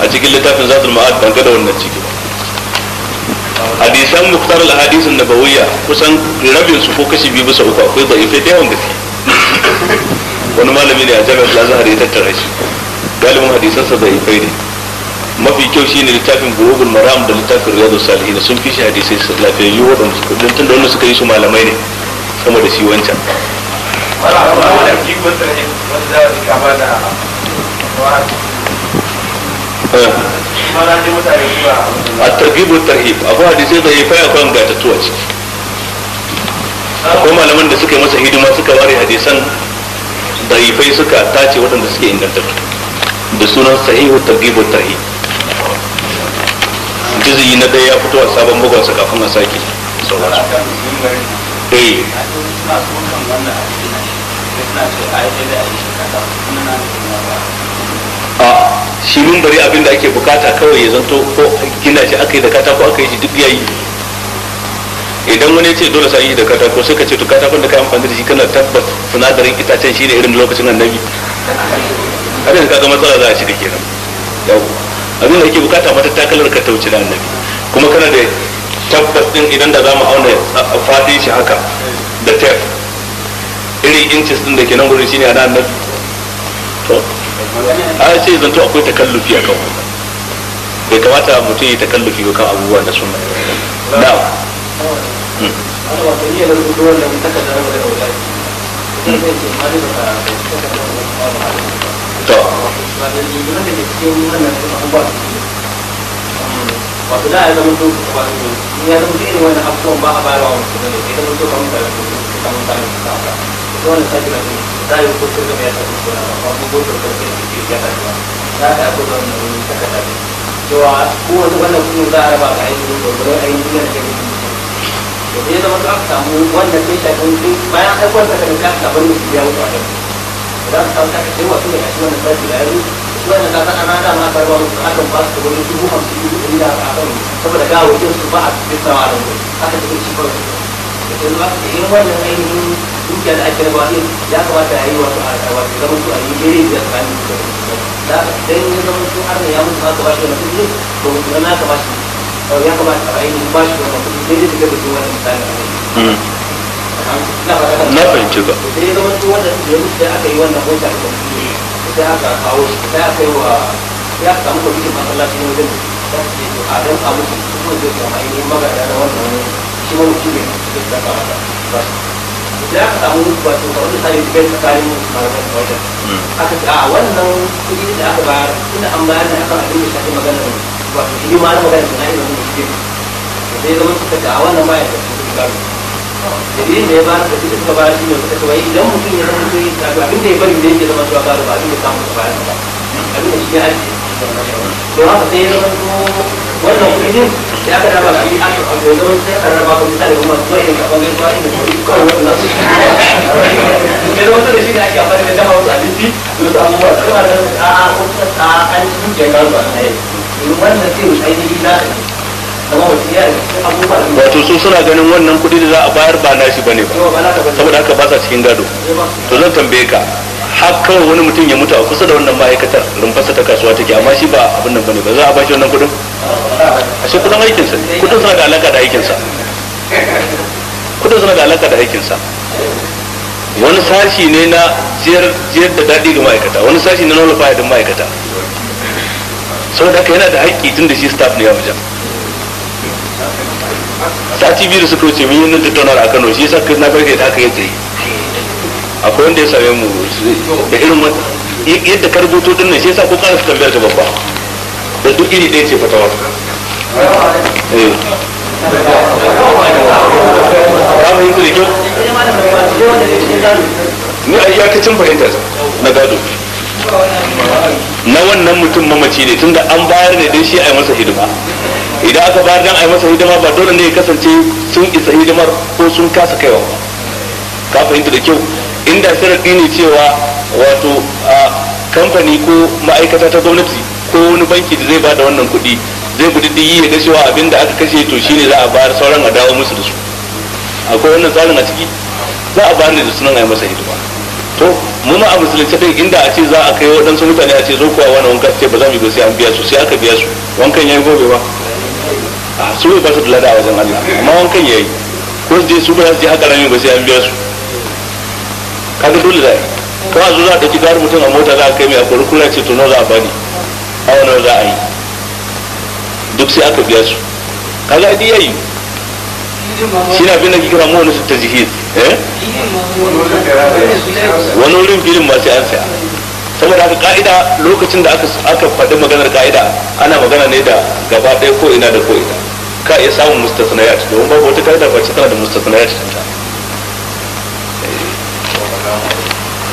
a cikin littafin zatul ma'ad ban ga wannan ciki ba hadisan muktar al-hadisin nabawiyya kusan rabin su ko kashi biyu bisa uku akwai da da'ifai da yawan gaske wani malami ne a jami'ar lazahar ya tattara shi galibin hadisan sa da da'ifai ne mafi kyau shine littafin bulugul maram da littafin riyadu salihin sun fi shi hadisai su lafiyayyu waɗanda su kudin tun da wani suka yi su malamai ne sama da shi wancan Eh. A targhib at-tarhib abu hadisi da yafi akwai ingantattu a ciki akwai malaman da suka yi masa hidima suka ware hadisan da yafai suka tace waɗanda suke ingantattu da sunan sahihu targhib at-tarhib jizi na ɗaya ya fito a sabon bugon sa kafin a sake sauransu eh. a shi bari abin da ake bukata kawai ya zanto ko gina shi aka yi da katako aka yi shi duk yayi idan wani ya ce dole sai yi da katako suka ce to katakon da ka amfani da shi kana tabbas sinadarin itacen shi ne irin lokacin annabi har yanzu ga matsala za a shiga kenan yau abin da ake bukata mata takalar ka tauci da annabi kuma kana da tabbas din idan da za mu auna fadin shi haka da tef irin inches din da ke nan gurin shine ana annabi to ai sai zanto akwai takallufi a kan bai kamata mutum ya takallufi kan abubuwa da sunna na wato hmm. da ya zama ba ya zama irin abubuwan ba a bayarwa wasu ne ya zama kamar da kamar da wani sati mai za yi ko sun gama ya tafi suna ba wani gudun da ke ke ya tafi za ka yi gudun ta wani ta ne cewa ko wani wannan kuma za a raba ga ainihin gwagwarin ainihin yana da yi da zai zama ka samu wanda ta shafin sun bayan aikon ta kada ka ta ne su biya mutu a yau za ka ta taka sai wasu ne a shi wannan sati da yaro shi wannan ka ta ana dama ka raba musu akan ba su da wani dubu hamsin dubu da aka ta saboda gawo su ba a cikin sawa aka cikin shi kawai da sai zuwa irin wannan ainihin dukiya da ake rabawa din ya kamata a yi wato a wato zaman su a yi dare da tsakanin su da dan ya zama su har ya mutu aka bashi wannan kudi to mutum ya kamata ya kamata a yi bashi wannan kudi dai da kake wannan misali na fahimci ka sai ya zama su wanda ya mutu sai aka yi wannan hota da sai aka kawo shi sai aka yi wa sai aka samu kwamitin masallaci ne wajen da su ce a dan abu su kuma zai kama yi magana da wannan shi wani shi ne da ta kama ba shi idan aka samu wato ka wani tsari bai tsakanin malaman wajen hmm. aka ce a wannan kuɗi da aka bayar tunda an bayar da akan abin da shafi maganar wato shi ma na maganar da na yi wani mutum sai zama suka ce a wannan baya da su kuɗi gano dalilin da ya bayar da kuɗi suka bayar shi ne suka ce wai idan mutum ya zama kuɗi abin da ya bari da yake zama cewa ba ba abin da samu da bayar ba abin da shi ya ajiye don haka sai ya zama wannan kudin ya ka raba shi a sai ka raba kuma yin ka nasu ne da shi ne ake amfani da dama wasu abinci da wasu abubuwa kuma da a a kuma a an ka wannan sai ainihi na wato su suna ganin wannan kudi da za a bayar ba na shi ne ba saboda haka ba sa cikin gado to zan tambaye ka har kawai wani mutum ya mutu a kusa da wannan ma'aikatar rumfasa ta kasuwa take amma shi ba abin nan bane ba za a bashi wannan kudin a shi kudin aikinsa sa kudin suna da alaka da aikinsa kudin suna da alaka da aikinsa wani sashi ne na jiyar da daɗi ga ma'aikata wani sashi ne na wani da ma'aikata saboda haka yana da haƙƙi tun da shi staff ne ya wajen sati biyu da suka wuce mun yi nan tattauna a kano shi yasa na farke da haka ya tsaye akwai wanda ya same mu da irin yadda ka rubuto din nan shi yasa ko ka su tambayar ta babba da duk iri ɗaya ce fatawa eh. ni a iyakacin fahimta na gado na wannan mutum mamaci ne tunda an bayar ne don shi a yi masa hidima idan aka bayar don a yi masa hidima ba dole ne ya kasance sun isa hidimar ko sun kasa kaiwa ka fahimta da kyau inda sharaɗi ne cewa wato a kamfani ko ma'aikata ta gwamnati ko wani banki da zai ba da wannan kuɗi zai kudiddiyi ya ga cewa abin da aka kashe to shine za a bayar sauran a dawo musu da su akwai wannan tsarin a ciki za a bayar da sunan a yi masa hidima to mu ma a musulunci din inda a ce za a kai waɗansu mutane a ce zo kuwa wani wanka ce ba za mu yi sai an biya su sai aka biya su wankan ya yi gobe ba a su ba su da lada a wajen Allah amma wankan ya yi ko su je su ba za su je haka ramin ba sai an biya su kaga dole da ko a zo za a ɗauki mutum a mota za a kai mai a kori kura ce to nawa za a bani a wani za a yi duk sai aka biya su kaga adi yi shi na abinda kira mu wani ta jihid eh? wani wurin filin masu an saya saboda haka ka'ida lokacin da aka faɗi maganar ka'ida ana magana ne da gaba ɗaya ko ina da ko ina ka iya samun mustasnayat domin babu wata ka'ida ba ce tana da mustasnayat ta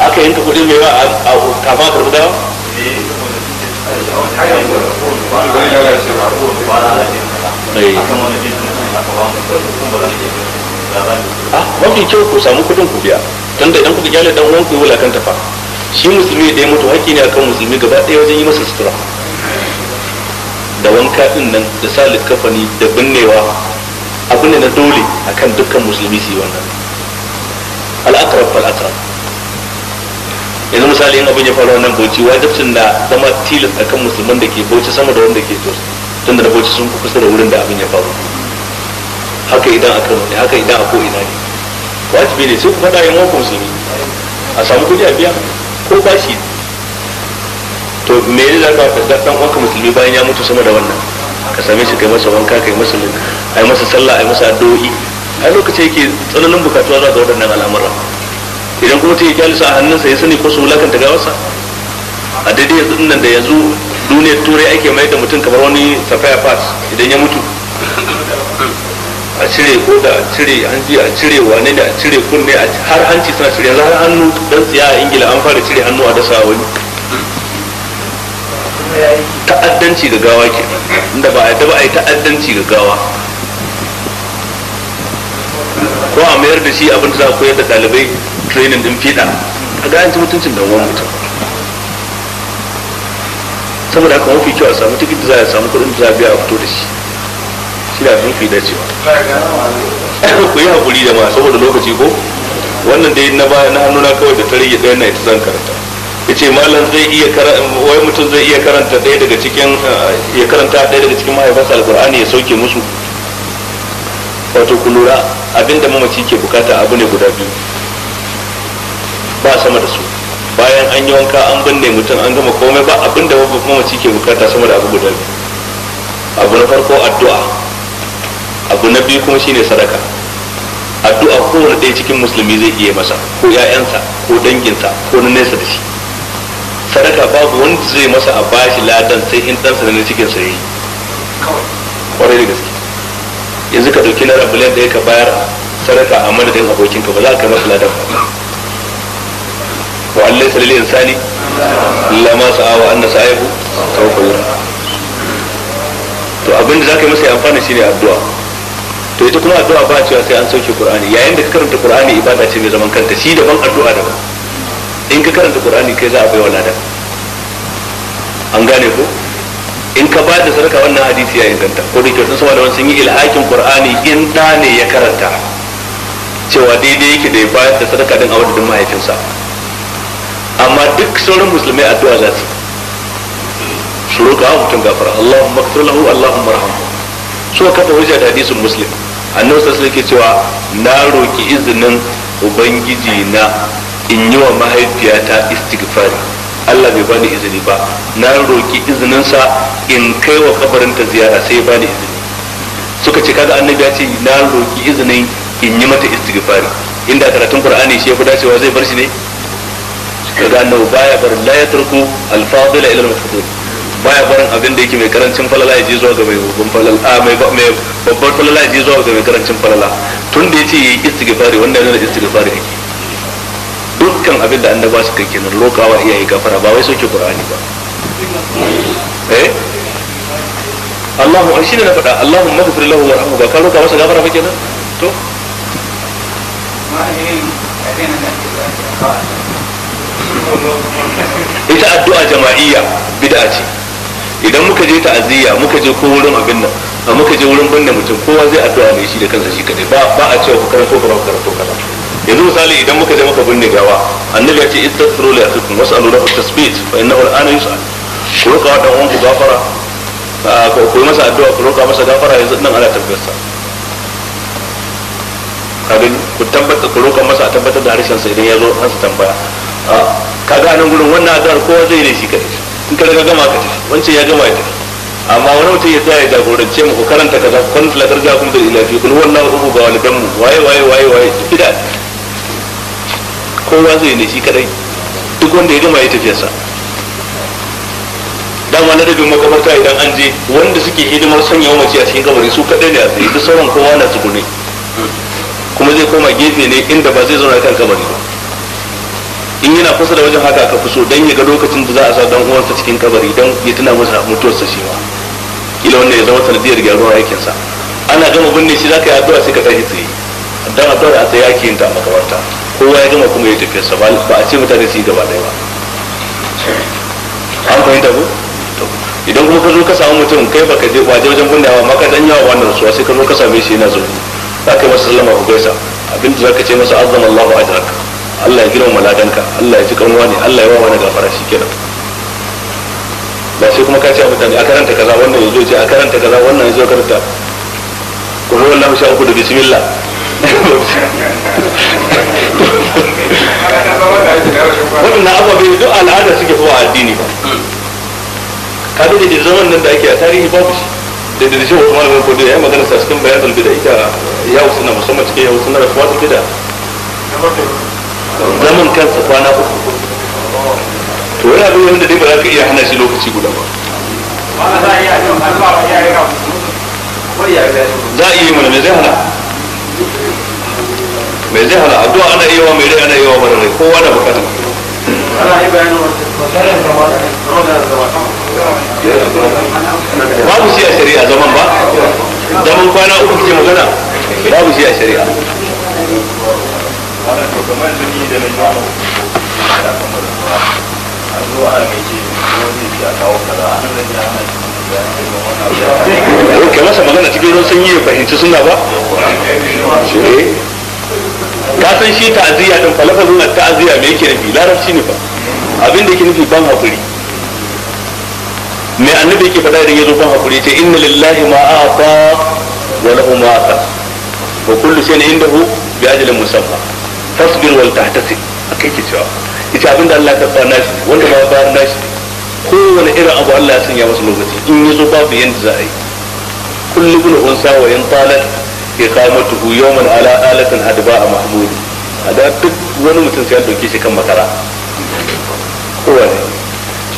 aka yanka kudin mai ba a kafa karbi dawa eh. ah, mafi kyau ku samu kudin ku biya tun da idan kuka gyara dan uwan ku yi wulakanta tafa. shi musulmi da ya mutu haƙƙi ne akan musulmi gaba ɗaya wajen yi masa sutura da wanka din nan da sa kafani da binnewa abu ne na dole akan dukkan musulmi su yi wannan al'akarar fal'akarar yanzu misali yin abin ya faru wannan bauchi wajibcin na zama tilas kan musulman da ke bauchi sama da wanda ke jos tun da bauchi sun kusa da wurin da abin ya faru haka idan a kano ne haka idan a ko ina ne wajibi ne sai ku faɗa yan wakon su ne a samu kuɗi a biya ko bashi to me ne za ka faɗa ɗan uwanka musulmi bayan ya mutu sama da wannan ka same shi kai masa wanka kai masa ayi masa sallah ayi masa addu'o'i a lokacin yake tsananin bukatuwa za ga waɗannan al'amuran idan kuma take kyalisa a hannunsa ya sani ko su wulakanta gawarsa a daidai yanzu nan da yanzu duniyar turai ake mai da mutum kamar wani safaya Pass idan ya mutu a cire ko da a cire hanji a cire wane da a cire kunne har hanci suna cire yanzu har hannu dan tsiya a ingila an fara cire hannu a dasa wani ta'addanci ga gawa ke inda ba a yadda ba a yi ta'addanci ga gawa ko a mayar da shi abin da za a koyar da ɗalibai training din fiɗa a ga yanzu mutuncin da wani mutum saboda haka mafi kyau a samu tikiti za a samu kuɗin da za a biya a fito da shi shi da mafi dacewa ku yi haƙuri da ma saboda lokaci ko wannan dai na baya na hannuna kawai da tarihi ɗaya na ita zan karanta ya ce malam zai iya karanta wai mutum zai iya karanta ɗaya daga cikin ya karanta ɗaya daga cikin mahaifarsa alƙur'ani ya sauke musu wato ku lura abinda mamaci ke bukata abu ne guda biyu ba sama da su bayan an yi wanka an binne mutum an gama komai ba abin da mamaci ke bukata sama da abu guda abu na farko addu'a abu na biyu kuma shine sadaka addu'a kowane ɗaya cikin musulmi zai iya masa ko ƴaƴansa ko danginsa ko na nesa da shi sadaka babu wanda zai masa a bashi ladan sai in ɗansa da na cikin sa yi kwarai da gaske yanzu ka ɗauki naira miliyan ɗaya ka bayar sadaka a madadin abokinka ba za ka masa ladan ba wa allai salil Sani, lama sa'a wa anna sa'ihu sawfa yura to abinda zaka yi masa ya amfana shine addu'a to ita kuma addu'a ba cewa sai an sauke qur'ani yayin da ka karanta qur'ani ibada ce mai zaman kanta shi daban addu'a daban in ka karanta qur'ani kai za a bai wa ladan an gane ko in ka ba da sadaka wannan hadisi ya inganta ko da kyau sama da wani sun yi ilhakin qur'ani in da ne ya karanta cewa daidai yake da ya bayar da sadaka din a wadda mahaifinsa amma duk sauran musulmai addu'a za su su roƙa mutum gafara Allahumma ighfir lahu Allahumma su so kafa wajen da hadisin muslim annabi sallallahu alaihi cewa na roki izinin ubangiji na in yi wa mahaifiyata istighfari Allah bai bani izini ba na roki izinin sa in kai wa kabarinta ziyara sai bani izini suka ce kaga annabi ya ce na roki izinin in yi mata istighfari inda karatun qur'ani shi ya fi dacewa zai bar shi ne daga annahu baya bar la yatruku al-fadila ila al-mafdud baya barin abin da yake mai karancin falala ya je zuwa ga mai babban falala mai babban falala ya je zuwa ga mai karancin falala tun da yace yi istighfari wannan yana da istighfari yake dukkan abin da annaba suka kenan lokawa iyaye gafara ba wai soke qur'ani ba eh Allahu an shine na fada Allahumma ghfir lahu warhamhu ba ka lokawa masa gafara ba kenan to ma'ani ita addu'a jama'iyya bid'a ce idan muka je ta'aziyya muka je ko wurin abin nan a muka je wurin banda mutum kowa zai addu'a mai shi da kansa shi kadai ba ba a cewa ku karanto ba ku karanto kaza yanzu misali idan muka je muka binne gawa annabi ya ce istaghfiru li akhikum was'alu rabbat tasbih fa innahu al'ana yus'al ku roƙa da dan gafara ku yi masa addu'a ku roƙa masa gafara yanzu nan ana tabbatar sa ku tabbata ku roƙa masa a tabbatar da harshen sa idan ya zo an tambaya ga nan gurin wannan addu'ar kowa zai ne shi kadai in ka daga gama ka tafi wancan ya gama ya tafi amma wani mutum ya tsaya ya jagorance mu ku karanta kaza ku karanta lakar ja kuma da ilafi kun wannan uku ga walidan mu waye waye waye waye bid'a kowa zai ne shi kadai duk wanda ya gama ya sa dama na rabin makabarta idan an je wanda suke hidimar sanya mace a cikin kabari su kadai ne a tsaye duk sauran kowa na tsugune kuma zai koma gefe ne inda ba zai zauna kan kabari ba in yana kusa da wajen haka aka fi so dan ya ga lokacin da za a sa dan uwansa cikin kabari dan ya tuna masa mutuwarsa shi ma kila wanda ya zama sanadiyar gyaruwa aikin sa ana gama binne shi zaka yi addu'a sai ka tashi tsaye dan addu'a a tsaye ake yin ta a makabarta kowa ya gama kuma ya tafi sa ba a ce mutane su yi gaba ɗaya ba an fahimta ko idan kuma ka zo ka samu mutum kai baka je waje wajen binnewa amma ka dan yawa wannan suwa sai ka zo ka same shi yana zo za ka yi masa sallama ku gaisa abinda za ka ce masa azzama Allahu ajraka Allah ya girma maladanka Allah ya ji kanwa ne Allah ya wawa na gafara shi kenan ba sai kuma ka ce mutane a karanta kaza wannan ya zo ce a karanta kaza wannan ya zo karanta ku zo Allah sha uku da bismillah waɗannan bai duk al'ada suke zuwa addini ba ka da da zaman nan da ake a tarihi babu shi da da shi Usman bin Kudu ya magana sa cikin bayan albida ita ya usuna musamman cikin ya usuna da kwatu bida zaman kansa kwana uku to yana abin wanda dai ba za ka iya hana shi lokaci guda ba za a iya yi mana mai zai hana mai zai hana addu'a ana iya wa mai rai ana iya wa mara rai kowa na bukatar babu shi a shari'a zaman ba zaman kwana uku ke magana babu shi a shari'a wannan to kamar da ni da na ji wannan hukunci da zuwa a zo ana mai ce ko zai ci a kawo kaza a nan da ji ana ci ke masa magana cikin ruwan fahimci suna ba eh. Eh. ka san shi ta'aziyya din me yake nufi larabci ne abin da yake nufi ban hakuri mai annabi yake faɗa idan ya zo ban hakuri ce inna lillahi ma a'ta wa lahu ma ata wa kullu shay'in indahu bi ajalin musamma tasbir wal tahtasib akai ke cewa ita abinda Allah ya karba nashi wanda ba ba nashi kowane irin abu Allah ya sanya masa lokaci in zo babu yanda za a yi kullu bin unsa wa yan talat iqamatuhu yawman ala alatin hadba mahmud ada duk wani mutum sai ya dauke shi kan makara kowane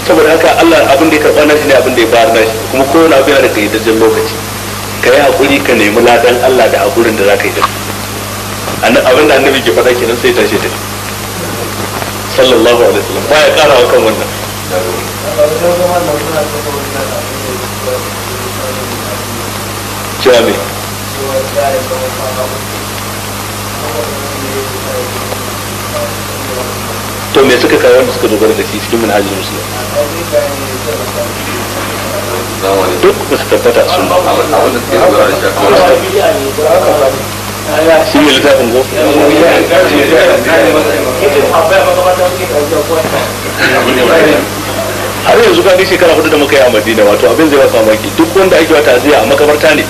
saboda haka Allah abin da ya karba nashi ne abin da ya bayar nashi kuma kowane abu yana da kayyadajjen lokaci ka yi haƙuri ka nemi ladan Allah da haƙurin da za ka yi da shi abin da annabi ke faɗa kenan sai tashi tafi sallallahu alaihi wasallam baya ƙara wa kan wannan cewa me to me suka kawo wanda suka dogara da shi cikin manhajin musulun duk ba su tabbata a sunna shi ne littafin ko har yanzu ka kana hudu da muka yi a madina wato abin zai wasa maki duk wanda ake wata ziya a makamarta ne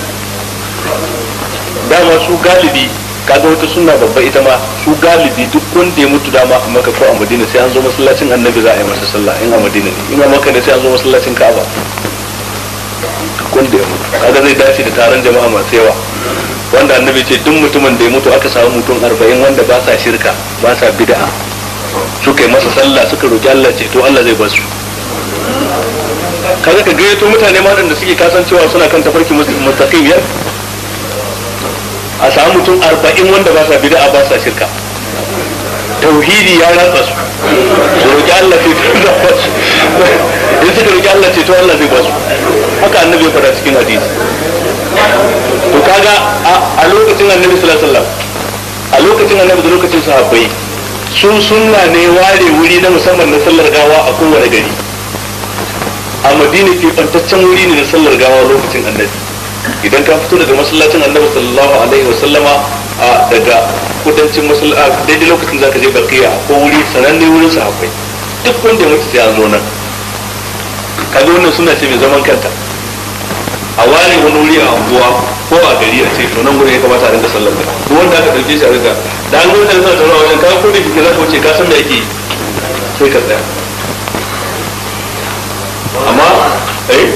dama su galibi ka ga wata suna babba ita ma su galibi duk wanda ya mutu dama a maka ko a madina sai an zo masallacin annabi za a yi masa sallah in a madina ne in a maka ne sai an zo masallacin kaba duk wanda ya mutu kaga zai dace da taron jama'a masu yawa wanda annabi ce duk mutumin da ya mutu aka samu mutum arba'in wanda ba sa shirka ba sa bid'a suka yi masa sallah suka roƙi Allah ce to Allah zai basu kaza ka gayyato mutane ma da suke kasancewa suna kan tafarki mustaqim ya a samu mutum arba'in wanda ba sa bid'a ba sa shirka tauhidi ya ratsa su su roƙi Allah ce to Allah basu in suka roƙi Allah ce to Allah zai basu haka annabi ya faɗa cikin hadisi to kaga a lokacin annabi sallallahu alaihi wasallam a lokacin annabi da lokacin sahabbai su sunna ne ware wuri na musamman na sallar gawa a kowane gari a madina ke fantaccen wuri ne na sallar gawa lokacin annabi idan ka fito daga masallacin annabi sallallahu alaihi wasallama a daga kudancin masallaci daidai lokacin zaka je bakiya ko wuri sananne wurin sahabbai duk wanda ya mutu sai a zo nan kaga wannan suna ce mai zaman kanta a ware wani wuri a unguwa ko a gari a ce to nan gurin ya kamata a rinka sallar da duk wanda aka dauke shi a rinka da an gwamnati da zaune wajen ka kudi da kike za ka wuce ka san me ake sai ka tsaya amma eh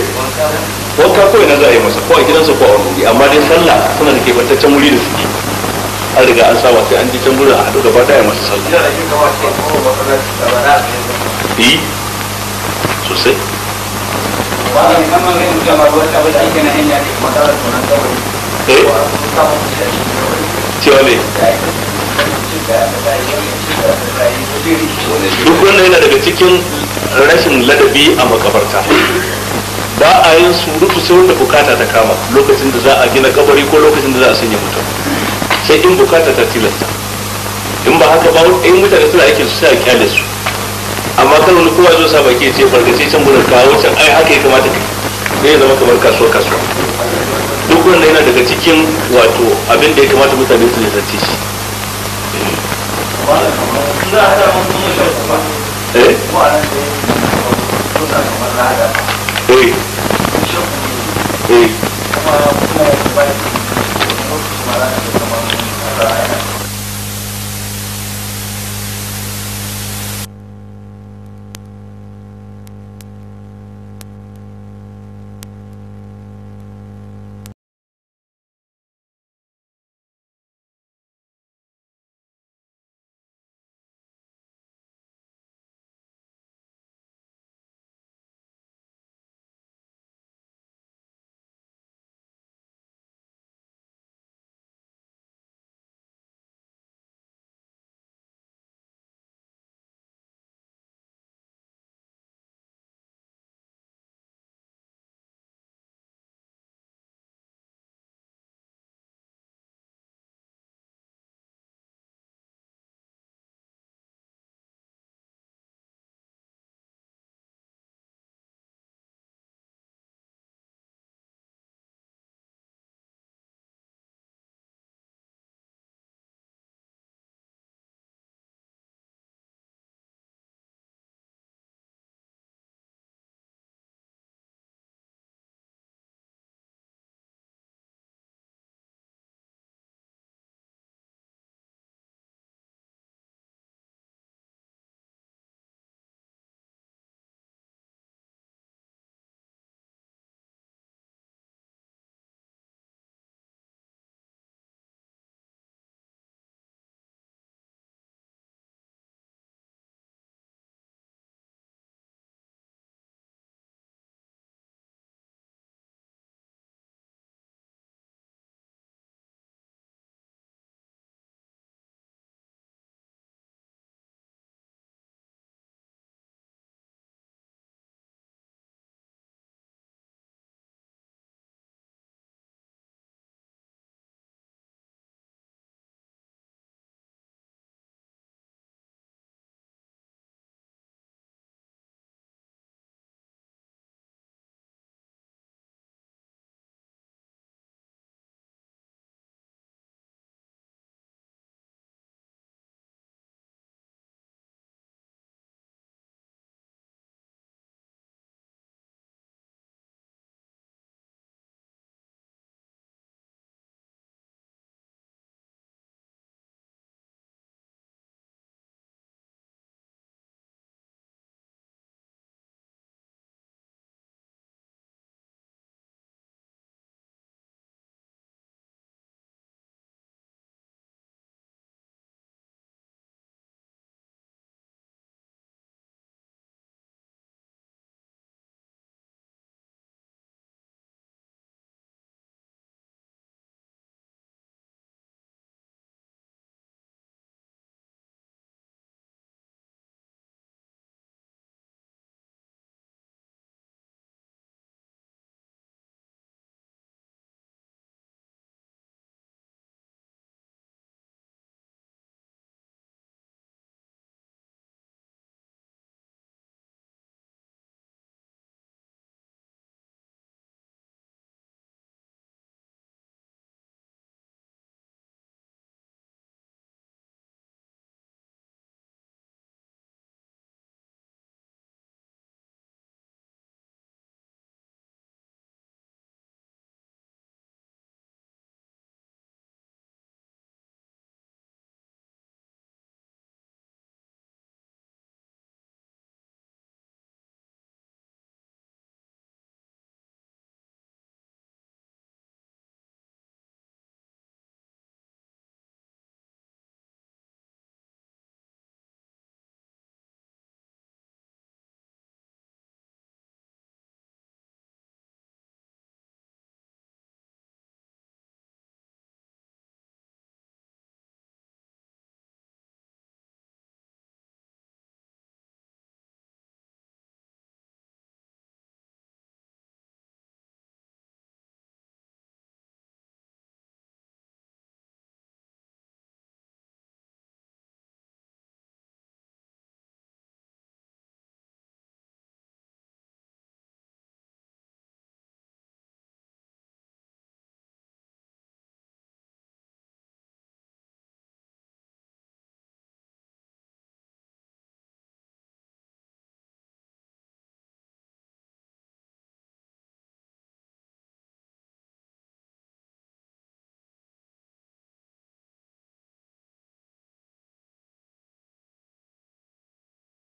wanka ko ina za a yi masa ko a gidansa ko a wani wuri amma dai sallah suna da kebantaccen wuri da suke an riga an sa wasu an ji can gurin a haɗu gaba ɗaya masa sallah. cewa ne duk wannan yana daga cikin rashin ladabi a makabarta ba a yin surutu sai wanda bukata ta kama lokacin da za a gina kabari ko lokacin da za a sanya mutum sai in bukata ta tilasta in ba haka ba in mutane suna aikin su sai a kyale su amma kar wani kowa zo sa baki ce fargace can gurin kawo can ai haka ya kamata ka zai zama kamar kasuwa kasuwa duk wannan yana daga cikin wato abin da ya kamata mutane su lissace shi eh eh, eh.